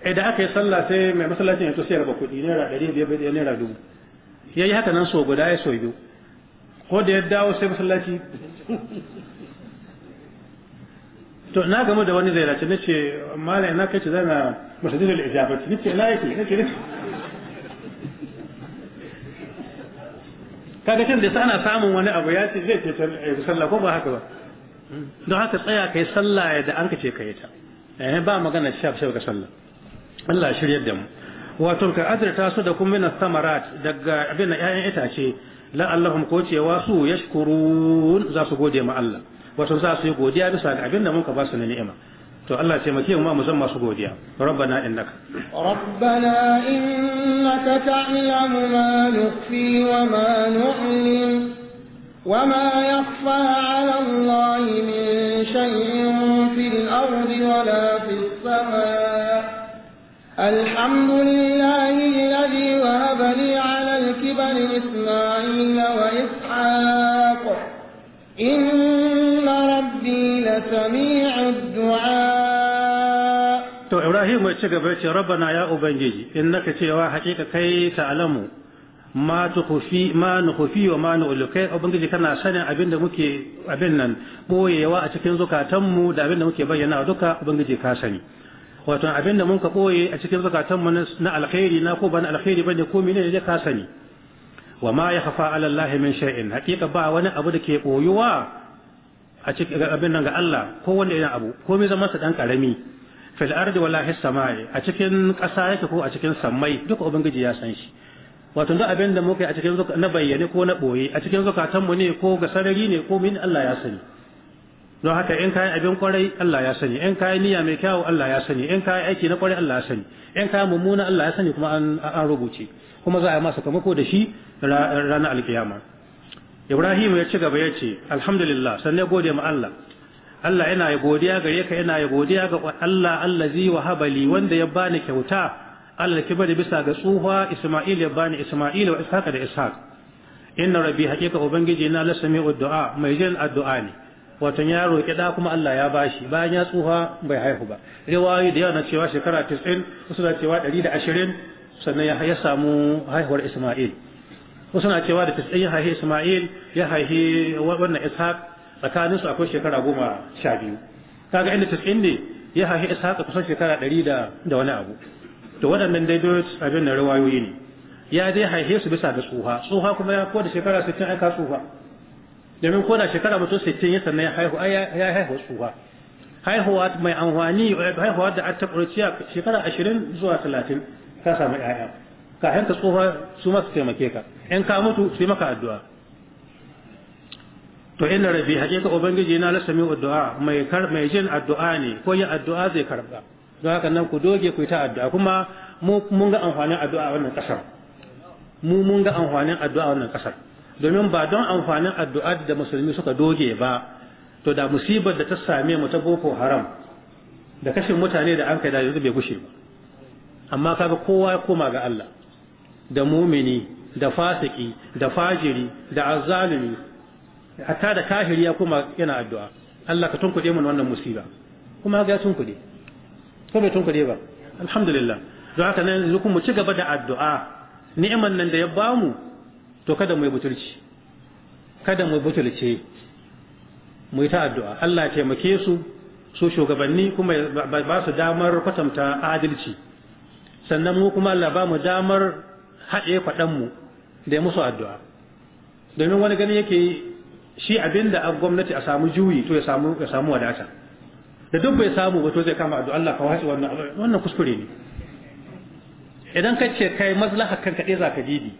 idan eh, aka yi sallah sai mai masallacin ya to sayar ba kuɗi naira ɗari biyar biyar naira dubu ya yi haka nan so guda ya so biyu ko da ya dawo sai masallaci to na gamu da wani zai na ce malam na kai ce zana masallacin da ni ce na yake na ce. kaga tun da sa ana samun wani abu ya ce zai ce eh, sallah ko ba haka ba don haka tsaya kai sallah yadda an kace kai ta eh ba magana shaf shaf ga sallah Allah shiryar da mu wato ka azurta su da kuma minas samarat daga abin ƴaƴan itace la Allahum ko cewa su yashkurun za su gode ma Allah wato za su yi godiya bisa ga abin da muka ba su ni'ima to Allah ce mace mu ma musan masu godiya rabbana innaka rabbana innaka ta'lamu ma nukhfi wa ma nu'lin wa ma yakhfa 'ala Allah min shay'in fil ardi wa la fis samaa alhamdulillahi alladhi wahaba li 'ala al-kibri isma'ila wa ishaq rabbi la sami'ud du'a to Ibrahim ya ci gaba ya ce rabbana ya ubangiji innaka cewa hakika kai ta'lamu ma tukhfi ma nukhfi wa ma kai ubangiji kana sanin abinda muke abin nan boyewa a cikin zukatanmu da abinda muke bayyana duka ubangiji ka sani wato abinda mun ka boye a cikin zukatanmu na alkhairi na ko ban alkhairi bane ko mene ne ka sani wa ma yakhfa ala allahi min shay'in haƙiƙa ba wani abu da ke boyuwa a cikin abin nan ga Allah ko wanda yana abu ko komai zama sa dan karami fil ardi his samai a cikin ƙasa yake ko a cikin sammai duka ubangiji ya san shi wato duk abin da muka yi a cikin na bayyane ko na boye a cikin zukatan mu ne ko ga sarari ne ko min Allah ya sani don haka in kayan abin kwarai Allah ya sani in kayan niyya mai kyau Allah ya sani in kayan aiki na kwarai Allah ya sani in kayan mummuna Allah ya sani kuma an rubuce kuma za a yi masa kamako da shi ranar alkiyama ibrahim ya ci gaba ya ce alhamdulillah sannan gode ma Allah Allah yana ya godiya gare ka yana ya godiya ga Allah allazi wa habali wanda ya bani kyauta Allah ki bari bisa ga tsufa Isma'il ya bani Isma'il wa Ishaq da Ishaq inna rabbi hakika ubangiji na la sami'u du'a mai jin addu'a ne wato ya roki da kuma Allah ya bashi bayan ya tsufa bai haihu ba riwayoyi da yawa na cewa shekara 90 wasu da cewa 120 sannan ya samu haihuwar Isma'il wasu na cewa da tis'in ya haihi isma'il ya haihi wannan ishaq tsakanin su akwai shekara goma sha biyu kaga inda tis'in ne ya haihi ishaq kusan shekara ɗari da da wani abu to waɗannan dai dole abin da rawayoyi ne ya dai haihe su bisa ga tsuha tsuha kuma ya koda shekara sittin aika tsuha domin koda shekara mutum sittin ya sannan ya haihu ya haihu tsuha haihuwa mai amfani haihuwa da a taɓurciya shekara ashirin zuwa talatin ka samu 'ya'ya kafin ka tsufa su ma su taimake ka in ka mutu su maka addu'a to inna rabbi hakika ubangiji na la sami addu'a mai kar mai jin addu'a ne ko yin addu'a zai karba don haka nan ku doge ku ta addu'a kuma mu mun ga amfanin addu'a a wannan kasar mu mun ga amfanin addu'a a wannan kasar domin ba don amfanin addu'a da musulmi suka doge ba to da musibar da ta same mu ta boko haram da kashin mutane da an kai da yanzu bai gushe ba amma kaga kowa ya koma ga Allah da mumini da fasiki da fajiri da azalimi hatta da kafiri ya kuma yana addu'a Allah ka tunkuɗe mun wannan musiba kuma ga tunkuɗe ko bai tunkuɗe ba alhamdulillah don haka nan yanzu mu ci gaba da addu'a ni'imar nan da ya bamu to kada mu yi butulci kada mu yi butulci mu yi ta addu'a Allah ya taimake su su shugabanni kuma ba su damar kwatanta adalci sannan mu kuma Allah ba mu damar haɗe faɗanmu da ya musu addu'a domin wani gani yake yi shi abin da gwamnati a samu juyi to ya samu ya samu wadata da duk bai samu ba to zai kama addu'a Allah ka wasu wannan wannan kuskure ne idan ka ce kai maslaha kanka za ka jibi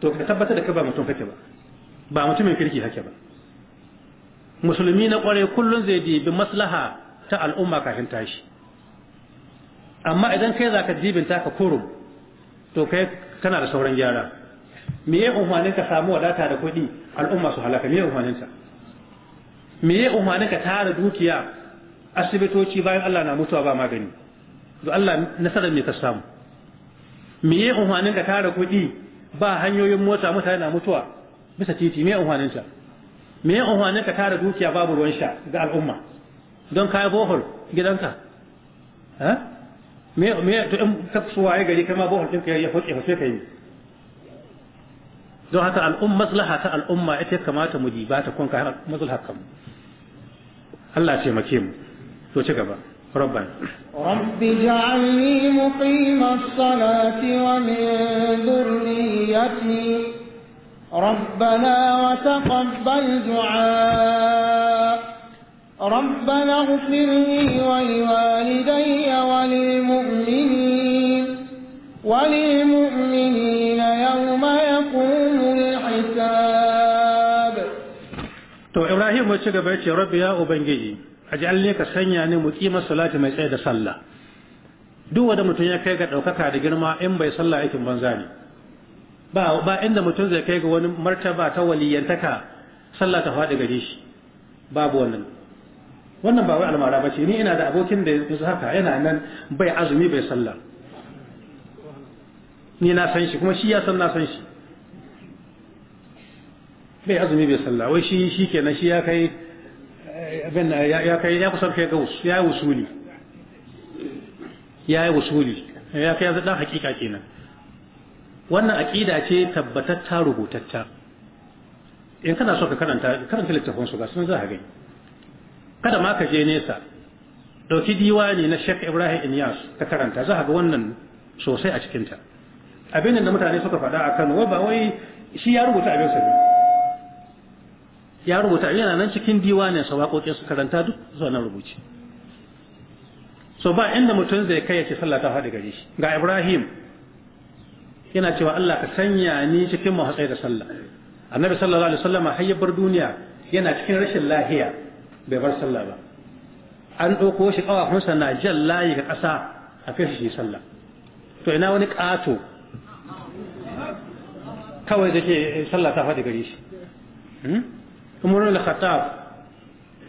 to ka tabbatar da kai ba mutum kake ba ba mutumin kirki kake ba musulmi na kware kullun zai dibi maslaha ta al'umma kafin tashi amma idan kai za zaka dibin ka kurum to kai kana da sauran gyara me ya umarnin ka samu wadata da kuɗi al'umma su halaka me ya umarnin ka. me ya umarnin ka tara dukiya asibitoci bayan Allah na mutuwa ba magani don Allah nasarar me ka samu me ya umarnin ka tara kuɗi ba hanyoyin mota mutane na mutuwa bisa titi me ya umarnin ka. me ya umarnin ka tara dukiya babu ruwan sha ga al'umma don kayan bohol gidanka me me to in ka so waye gari kai ma bohol ɗinka ya fake fa sai ka yi don haka al'umma maslaha ta al'umma ita kamata mu diba ta kun ka maslaha kan Allah ce make mu to ci gaba ربنا رب اجعلني مقيم الصلاة ومن ذريتي ربنا وتقبل دعاء ربنا اغفر لي ولوالدي وللمؤمنين وللمؤمنين يوم يقوم الحساب to Ibrahim ya ci gaba ya ce rabbi ya ubangiji ajalle ka sanya ni muqima salati mai da duk wanda mutum ya kai ga ɗaukaka da girma in bai sallah aikin banza ne ba ba inda mutum zai kai ga wani martaba ta waliyantaka sallah ta faɗi gare shi babu wannan wannan ba wai almara ba ce ni ina da abokin da yanzu haka yana nan bai azumi bai sallah ni na san shi kuma shi ya san na san shi bai azumi bai sallah wai shi shi kenan shi ya kai eh, abin ya kai ya kusan kai gaus ya yi wusuli ya yi wusuli ya kai yanzu dan hakika kenan wannan aqida ce tabbatatta rubutatta in kana so ka karanta karanta littafin su ga sun za ka gani kada ma ka je nesa ɗauki diwani na Sheikh Ibrahim Inyas ka karanta za ga wannan sosai a cikinta abin da mutane suka faɗa a Kano ba wai shi ya rubuta abin sa ne ya rubuta yana nan cikin diwanin sa waƙoƙin su karanta duk zuwa nan rubuci so ba inda mutum zai kai ya ce sallah ta faɗi gare shi ga Ibrahim yana cewa Allah ka sanya ni cikin mahatsai da sallah annabi sallallahu alaihi wasallam hayyabar bar duniya yana cikin rashin lahiya bai bar sallah ba an ɗauko shi ƙawafinsa na jan layi ga ƙasa a kai shi sallah to ina wani ƙato kawai da ke sallah ta faɗi gare shi hmm? umar al-khattab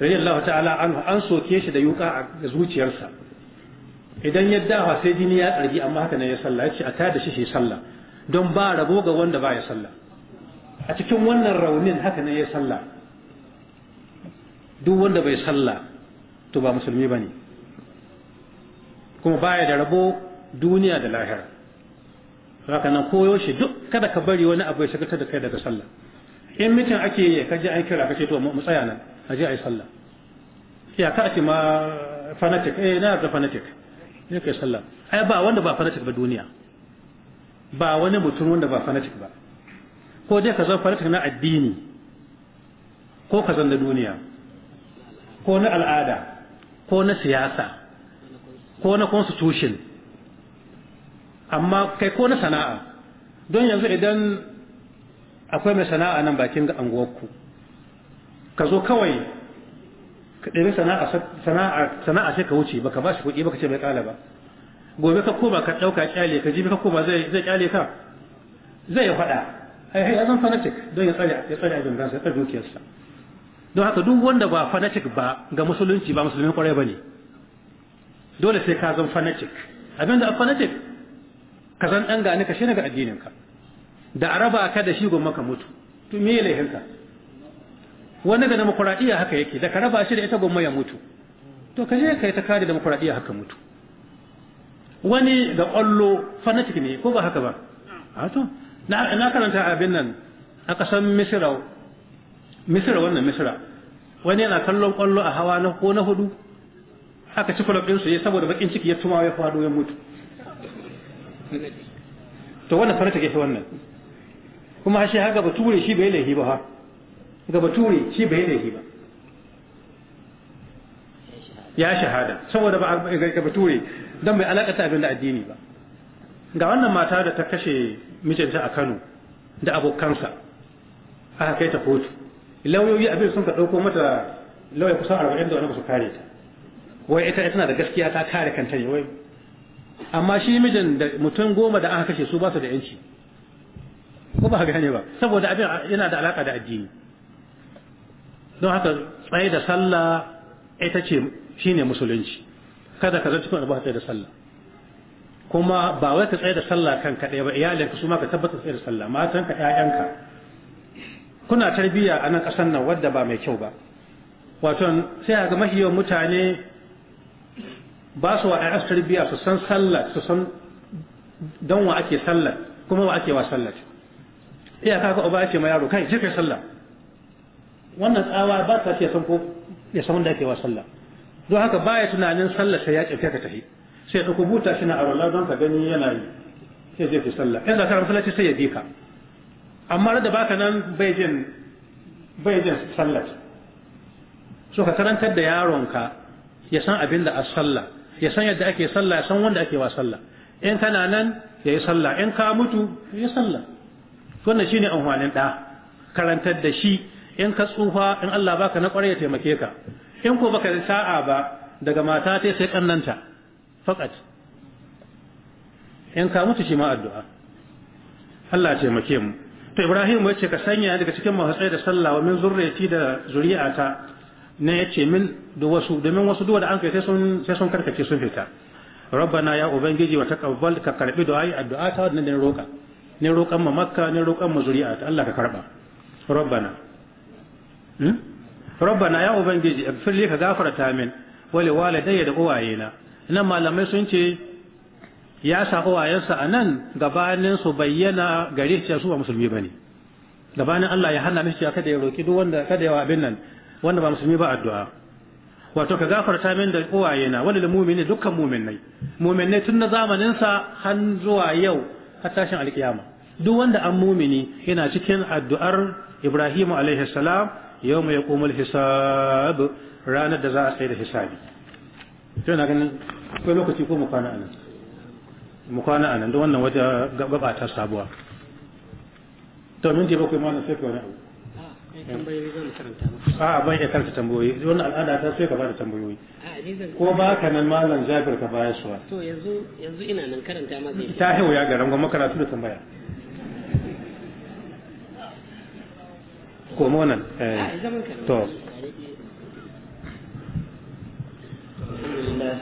Allah ta'ala an an soke shi da yuka a zuciyarsa idan ya dafa sai jini ya tsargi amma haka ne ya sallah ya ce a tada shi shi sallah don ba rabo ga wanda ba ya sallah a cikin wannan raunin haka ne ya sallah duk wanda bai sallah to ba musulmi ba ne kuma baya da rabo duniya da lahira haka nan koyo shi duk kada ka bari wani abu ya shigar da kai daga sallah in mutum ake yi ka je an kira ka ce to mu tsaya nan a je a yi sallah ya ka ce ma fanatic eh na da fanatic ne kai sallah ai ba wanda ba fanatic ba duniya ba wani mutum wanda ba fanatic ba ko dai ka zama fanatic na addini ko ka zan na duniya ko na al'ada ko na siyasa ko na constitution amma kai ko na sana'a don yanzu idan akwai mai sana'a nan bakin ga anguwarku ka zo kawai ka ɗari sana'a sai ka wuce ba ka ba shi kuɗi ba ka ce mai ƙala ba gobe ka koma ka ɗauka ƙyale ka ji ka koma zai ƙyale ka zai ya faɗa ai ya zan fanatik don ya tsare abin gansa ya tsare dukiyarsa don haka duk wanda ba fanatik ba ga musulunci ba musulmin kwarai ba ne dole sai ka zan fanatic abinda a fanatic ka zan ɗan gani ka shine ga addininka da araba ka da shi goma ka mutu to me ya laihinka wani ga demokuraɗiyya haka yake da ka raba shi da ita goma ya mutu to ka je ka yi ta kare demokuraɗiyya haka mutu wani ga ƙwallo fanatik ne ko ba haka ba a to na karanta abin nan a ƙasar misirau. misira wannan misira wani yana kallon kwallo a hawa na ko na hudu haka ci kulab ɗinsu ya saboda bakin ciki ya tuma ya faɗo ya mutu to wannan fara take wannan kuma shi ha gaba ture shi bai laifi ba ha gaba ture shi bai laifi ba ya shahada saboda ba ga don dan bai ta abin da addini ba ga wannan mata da ta kashe mijinta a Kano da abokansa aka kai ta kotu lauyoyi abin sun ka ɗauko mata lauya kusan arba'in da wani su kare ta wai ita tana da gaskiya ta kare kanta ne wai amma shi mijin da mutum goma da aka kashe su ba su da yanci ko ba gane ba saboda abin yana da alaka da addini don haka tsaye da sallah ita ce shine musulunci kada ka zo cikin alba tsaye da sallah kuma ba wai ka tsaye da sallah kan kaɗai ba iyalinka su ma ka tabbatar tsaye da sallah matanka ƴaƴanka kuna tarbiyya a nan ƙasar nan wadda ba mai kyau ba wato sai a ga mahiyar mutane ba su wa ƴaƴansu tarbiyya su san sallar su san don wa ake sallar kuma wa ake wa sallar iyaka ga uba ce ma yaro kai je kai sallah wannan tsawa ba ta ce san ko ya san wanda ake wa sallar don haka baya tunanin sallar sai ya ƙirƙe ka tafi sai ka kubuta shi na arola don ka gani yana yi sai zai fi sallar in ka ramsalaci sai ya bi ka amma da baka nan bai jin bai sallar so ka karantar da yaronka ya san abin da a sallah ya san yadda ake sallah ya san wanda ake wa sallah in kana nan ya yi sallah in ka mutu ya yi sallah wannan shine amfanin ɗa karantar da shi in ka tsufa in Allah baka na kware ya taimake ka in ko baka da sa'a ba daga mata ta sai kannanta fakat in ka mutu shi ma addu'a Allah ya taimake mu to ibrahim ya ce ka sanya daga cikin masu da sallah wa min zurriyati da zuri'ata ne ya ce min da wasu domin wasu duwa da an kai sai sun karkace sun fita rabbana ya ubangiji wa taqabbal ka karbi du'ai addu'a ta wannan da roƙa ne rokan ma makka ne rokan ma zuri'ata Allah ka karba rabbana hmm? rabbana ya ubangiji afirli ka gafarta min wa li walidayya da uwayena nan malamai sun ce ya shafi wayansa a nan gabanin bayyana gare shi su ba musulmi ba ne gabanin Allah ya hana mishi kada ya roƙi duk wanda kada ya abin nan wanda ba musulmi ba addu'a wato ka gafarta min da uwayena wani da mumini dukkan muminai muminai tun na zamanin sa har zuwa yau har tashin alkiyama duk wanda an mumini yana cikin addu'ar Ibrahim alaihi salam yau mai yakumul hisab ranar da za a tsaye da hisabi to na ganin akwai lokaci ko mu kwana anan mu kwana a nan da wannan wata gaba ta sabuwa to minti bakwai ma na sai wani abu ah, eh, a ban iya karanta tambayoyi wannan al'ada ta sai ka bada tambayoyi ah, ko ba ka nan malam jabir ka baya suwa to yanzu yanzu ina nan karanta ma zai ta hewa ya garan gwamma karatu da tambaya ko mu nan eh. ah, to alhamdulillah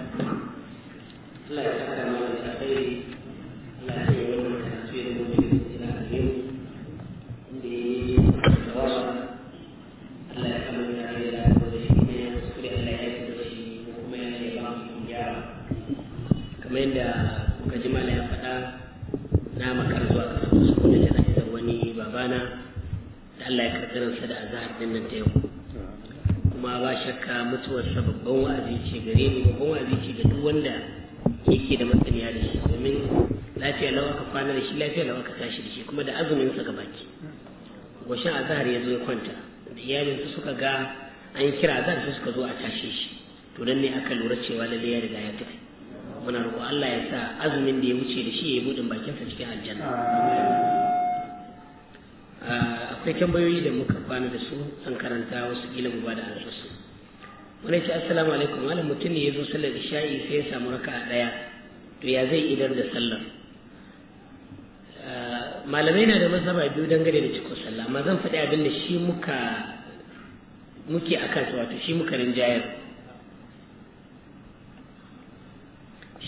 Allah ya saka Allah ya sa da azahar din nan ta yau kuma ba shakka mutuwarsa babban wa'azi ce gare mu babban wa'azi ce ga duk wanda yake da masaniya da shi domin lafiya lawa ka kwana da shi lafiya lawa ka tashi da shi kuma da azumin sa gabaki goshin azahar ya zo ya kwanta da su suka ga an kira azahar su suka zo a tashe shi to dan ne aka lura cewa lalle ya riga ya tafi muna roƙo Allah ya sa azumin da ya wuce da shi ya yi budin bakinsa cikin aljanna akwai tambayoyi da muka kwana da su an karanta wasu kila ba da alfasu wani ce assalamu alaikum malam mutum ne ya zo sallar isha'i sai ya samu raka a ɗaya? to ya zai idar da sallar ah, malamai na da mazhaba biyu dangane da cikin sallah amma zan faɗi abin da shi muka muke akan sa wato shi muka rinjayar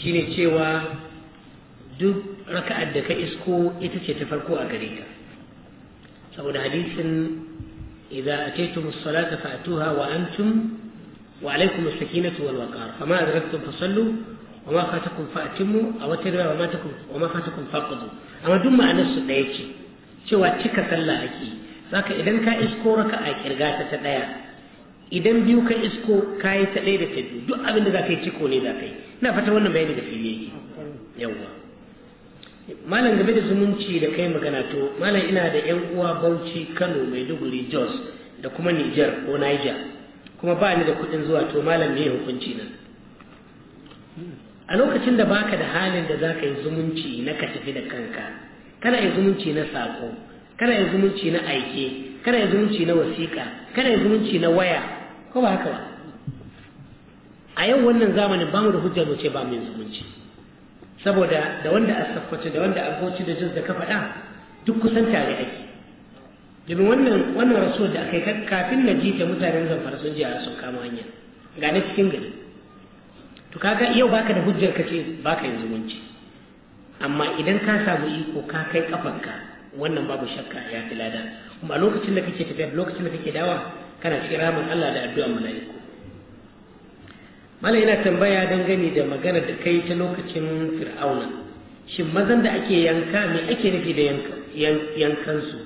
shine cewa duk raka'ar da ka isko ita ce ta farko a gare ka saboda hadisin idza ataytum as-salata fa'tuha wa antum wa alaykum as-sakinatu wal waqar fama adraktum sallu, wa ma fatakum fa'timu aw tadra wa ma takum wa ma fatakum faqdu amma duk ma'anar su daya ce cewa cika sallah ake saka idan ka isko raka a kirga ta ta daya idan biyu ka isko ka yi ta daya da ta biyu duk abin da za ka yi ciko ne za ka yi ina fata wannan bayani da fili yake yawwa malam game da zumunci da kai magana to malam ina da yan uwa bauchi kano maiduguri jos da kuma niger ko niger kuma ba ni da kuɗin zuwa to malam me hukunci nan a lokacin da baka da halin da za ka yi zumunci na ka tafi da kanka kana yi zumunci na sako kana yi zumunci na aike kana yi zumunci na wasiƙa kana yi zumunci na waya ko ba haka ba a yau wannan zamanin ba mu da hujjar mu ce ba mu yin zumunci saboda da wanda a da wanda a goci da jins da ka faɗa duk kusan tare ake domin wannan wannan rasuwar da aka yi kafin na ji ta mutanen zamfara sun ji a sun kama hanya ga cikin gari to kaga yau baka da hujjar ka ce baka yin zumunci amma idan ka samu iko ka kai kafanka wannan babu shakka ya fi lada kuma a lokacin da kake tafiya lokacin da kake dawa kana cikin ramin Allah da addu'ar mala'iku mala yana tambaya gani da magana da kai ta lokacin fir'auna shin mazan da ake yanka me ake nufi da yankansu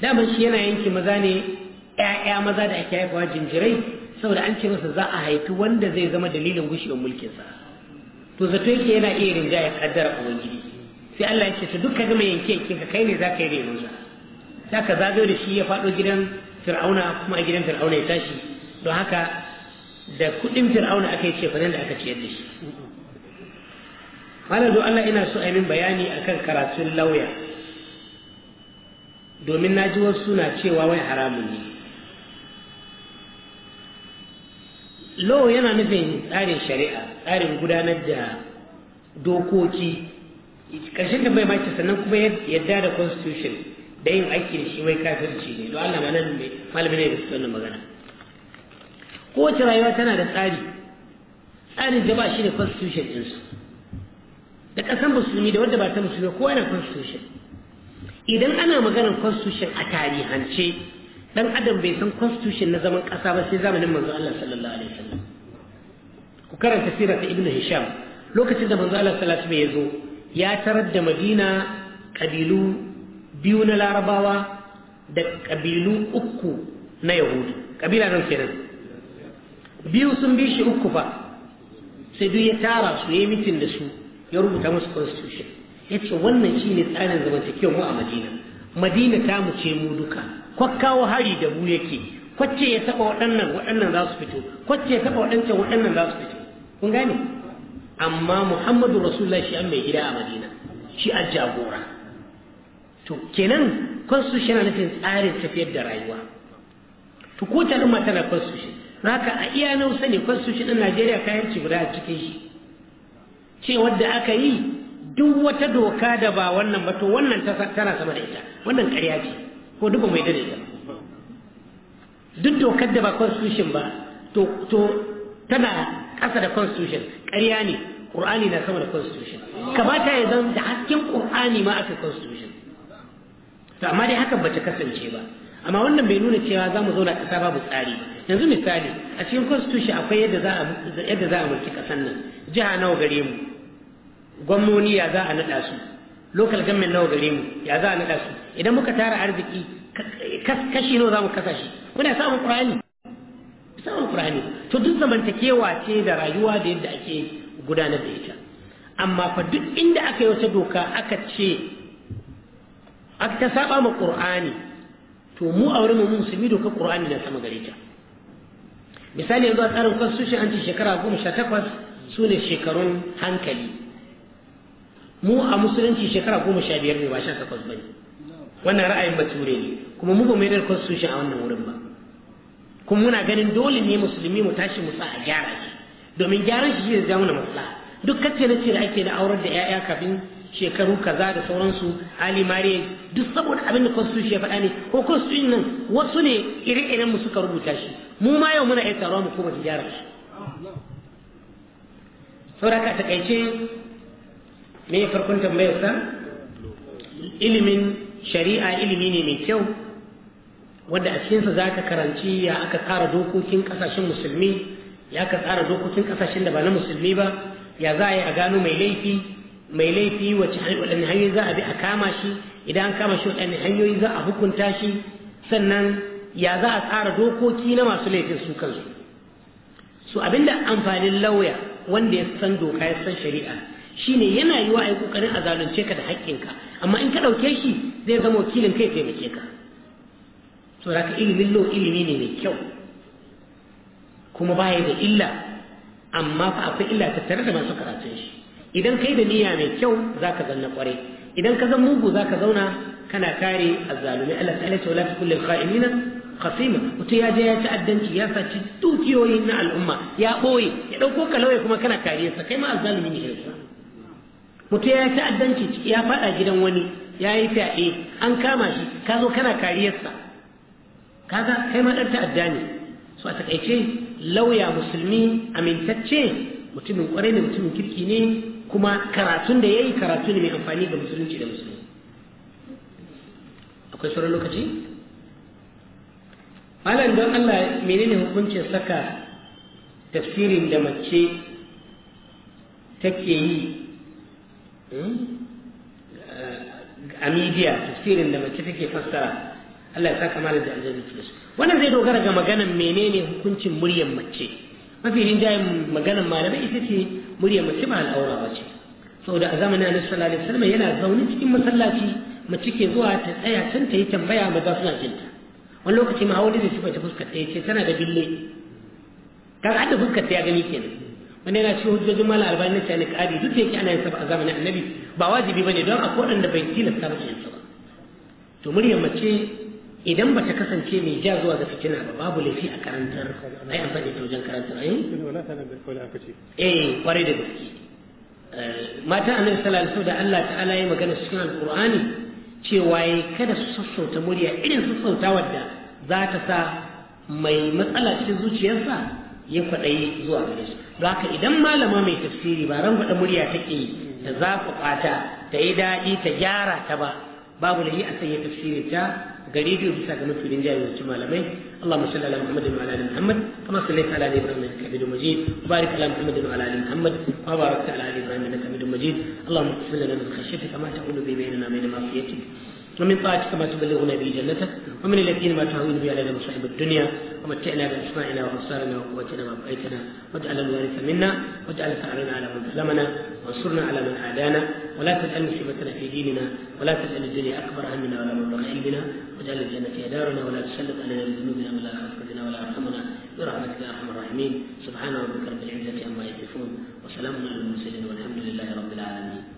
daman shi yana yanki maza ne ‘ya'ya maza da ake haifawa jinjirai saboda an ce masa za a haifi wanda zai zama dalilin gushewar mulkinsa to zato yake yana iya rinja ya kaddara ubangiji sai Allah ya ce to duka gama yanke yankin ka kai ne za ka yi renonsa za ka zagayo da shi ya faɗo gidan fir'auna kuma a gidan fir'auna ya tashi don haka da kuɗin fir'auna aka yi fa da aka ce da shi malam don Allah ina so a min bayani akan karatun lauya domin na ji wasu na cewa wai haramun ne law yana nufin tsarin shari'a tsarin gudanar da dokoki ƙarshen da bai mace sannan kuma yadda da constitution da yin aiki da shi wai kafirci ne don Allah malamin ne da su magana kowace rayuwa tana da tsari tsarin da ba shi da constitution ɗinsu da ƙasan musulmi da wadda ba ta musulmi kowa yana constitution idan ana maganar constitution a tarihance dan adam bai san constitution na zaman ƙasa ba sai zamanin manzo Allah sallallahu alaihi wasallam ku karanta sirar ta ibnu hisham lokacin da manzo Allah sallallahu alaihi wasallam ya zo ya tarar da madina kabilu biyu na larabawa da kabilu uku na yahudu kabila nan kenan biyu sun bi shi uku fa sai duk ya tara su ya yi mitin da su ya rubuta musu constitution ya ce wannan shi ne tsarin zamantakewa mu a madina madina ta mu ce mu duka kwakkawo hari da mu yake kwacce ya taɓa waɗannan waɗannan za su fito kwacce ya taɓa waɗancan waɗannan za su fito kun gane amma muhammadu rasulullah shi an mai gida a madina shi a jagora to kenan constitution na nufin tsarin tafiyar da rayuwa to ko ta tana constitution haka a iya nan sani constitution ɗin najeriya kayan ci guda cikin shi ce wadda aka yi duk wata doka da ba wannan ba to wannan tana sama da ita wannan ƙarya ce ko duk mai da ita duk dokar da ba constitution ba to tana ƙasa da constitution ƙarya ne ƙur'ani na sama da constitution kamata ya zan da hasken ƙur'ani ma aka constitution to amma dai hakan ta kasance ba amma wannan bai nuna cewa za mu zauna ƙasa babu tsari ba yanzu misali a cikin constitution akwai yadda za a yadda za a mulki kasan nan jiha nawa gare mu gwamnoni ya za a nada su local government nawa gare mu ya za a nada su idan muka tara arziki kashi nawa za mu kasa shi muna samun qur'ani samun qur'ani to duk zamantakewa ce da rayuwa da yadda ake gudanar da ita amma fa duk inda aka yi wata doka aka ce aka saba ma qur'ani to mu a wurin musulmi doka qur'ani na sama gare ta misali yanzu a tsarin constitution an ce shekara goma sha takwas su ne shekarun hankali mu a musulunci shekara goma sha biyar ne ba sha takwas ba ne wannan ra'ayin bature ne kuma mu ba mu yadda constitution a wannan wurin ba kuma muna ganin dole ne musulmi mu tashi mu sa a gyara shi domin gyaran shi zai zama na maslaha duk kacce na ce da ake da aurar da 'ya'ya kafin shekaru kaza da sauransu ali mariya duk saboda abin da constitution ya faɗa ne ko constitution nan wasu ne ire-iren mu suka rubuta shi mu ma yau muna iya taruwa mu kuma gyara shi sauraka taƙaice me farkon tambayar sa ilimin shari'a ilimi ne mai kyau wanda a cikinsa za ka karanci ya aka tsara dokokin kasashen musulmi ya aka tsara dokokin kasashen da ba na musulmi ba ya za a yi a gano mai laifi mai laifi wace waɗanne hanyoyi za a bi a kama shi idan an kama shi waɗanne hanyoyi za a hukunta shi sannan ya za a tsara dokoki na masu laifin su kansu so abinda amfanin lauya wanda ya san doka ya san shari'a shi ne yana yi wa a yi kokarin a zalunce ka da haƙƙinka amma in ka ɗauke shi zai zama wakilin kai taimake ka so da ka ilimin lo ilimi ne mai kyau kuma baya da illa amma fa akwai illa tattare da masu karatun shi idan kai da niyya mai kyau za ka zanna kwarai idan ka zan mugu za ka zauna kana kare azzalumi Allah ta alaihi wa kulli lil khasima wato ya je ya ta'addanci ya saci dukiyoyi na al'umma ya boye ya dauko kalauye kuma kana kare sa kai ma azzalumi ne mutum ya ta'addanci ya fada gidan wani ya yi fyaɗe an kama shi ka zo kana kariyarsa kaga kai ma ɗan ta'adda ne so a takaice lauya musulmi amintacce mutumin kwarai ne mutumin kirki ne kuma karatun da ya yi karatu ne mai amfani ga musulunci da musulmi akwai sauran lokaci malam don Allah menene hukuncin saka tafsirin da mace take yi hmm, a media tafsirin da mace take fassara Allah ya saka malam da da plus wannan zai dogara ga maganan menene hukuncin muryar mace mafi rinjayen maganan malamai ita ce murya mace ba al'aura ba ce saboda a zamanin annabi sallallahu alaihi wasallam yana zaune cikin masallaci mace ke zuwa ta tsaya can ta yi tambaya maza suna jinta wani lokaci ma wani zai ta fuskar ta ce tana da bille ga da fuskar ta ya gani kenan wani yana cewa hujjojin mala albani na cani kadi duk da yake ana yin sa a zamanin annabi ba wajibi bane don akwai wanda bai tilasta ba su yin ba to murya mace idan ba ta kasance mai ja zuwa ga fitina ba babu laifi a karantar ai amfani da wajen karantar ai eh kwarai da gaske eh, mata annabi sallallahu alaihi wasallam Allah ta'ala ya magana cikin alqur'ani cewa kada su sassauta murya irin sassautawar wadda za ta sa mai matsala cikin zuciyarsa ya kwaɗayi zuwa gare shi haka idan malama mai tafsiri ba ran faɗa murya take ta zafafa ta ta yi daɗi ta gyara ta ba babu lahi a sanya tafsirin ta gari biyu bisa ga mafi rinjaye wasu malamai Allah masu lalata Muhammad da Malalim Muhammad kuma su laifa Alali Ibrahim da Kabiru Majid Mubarak Alam Muhammad da Malalim Muhammad kuma ba wa rasu Alali Ibrahim da Kabiru Majid Allah masu lalata da kashe fi kamata ulubi bai nuna mai da mafiyatin. ومن طاعتك ما تبلغنا به جنتك ومن اليقين ما تهون به علينا مصائب الدنيا ومتعنا باسماعنا وابصارنا وقوتنا ما واجعل الوارث منا واجعل ثارنا على من ظلمنا وانصرنا على من عادانا ولا تجعل مصيبتنا في ديننا ولا تجعل الدنيا اكبر همنا ولا مبلغ علمنا واجعل الجنه هي دارنا ولا تسلط علينا بذنوبنا ولا تحفظنا ولا ارحمنا برحمتك يا ارحم الراحمين سبحان ربك رب العزه عما يصفون وسلام على المرسلين والحمد لله رب العالمين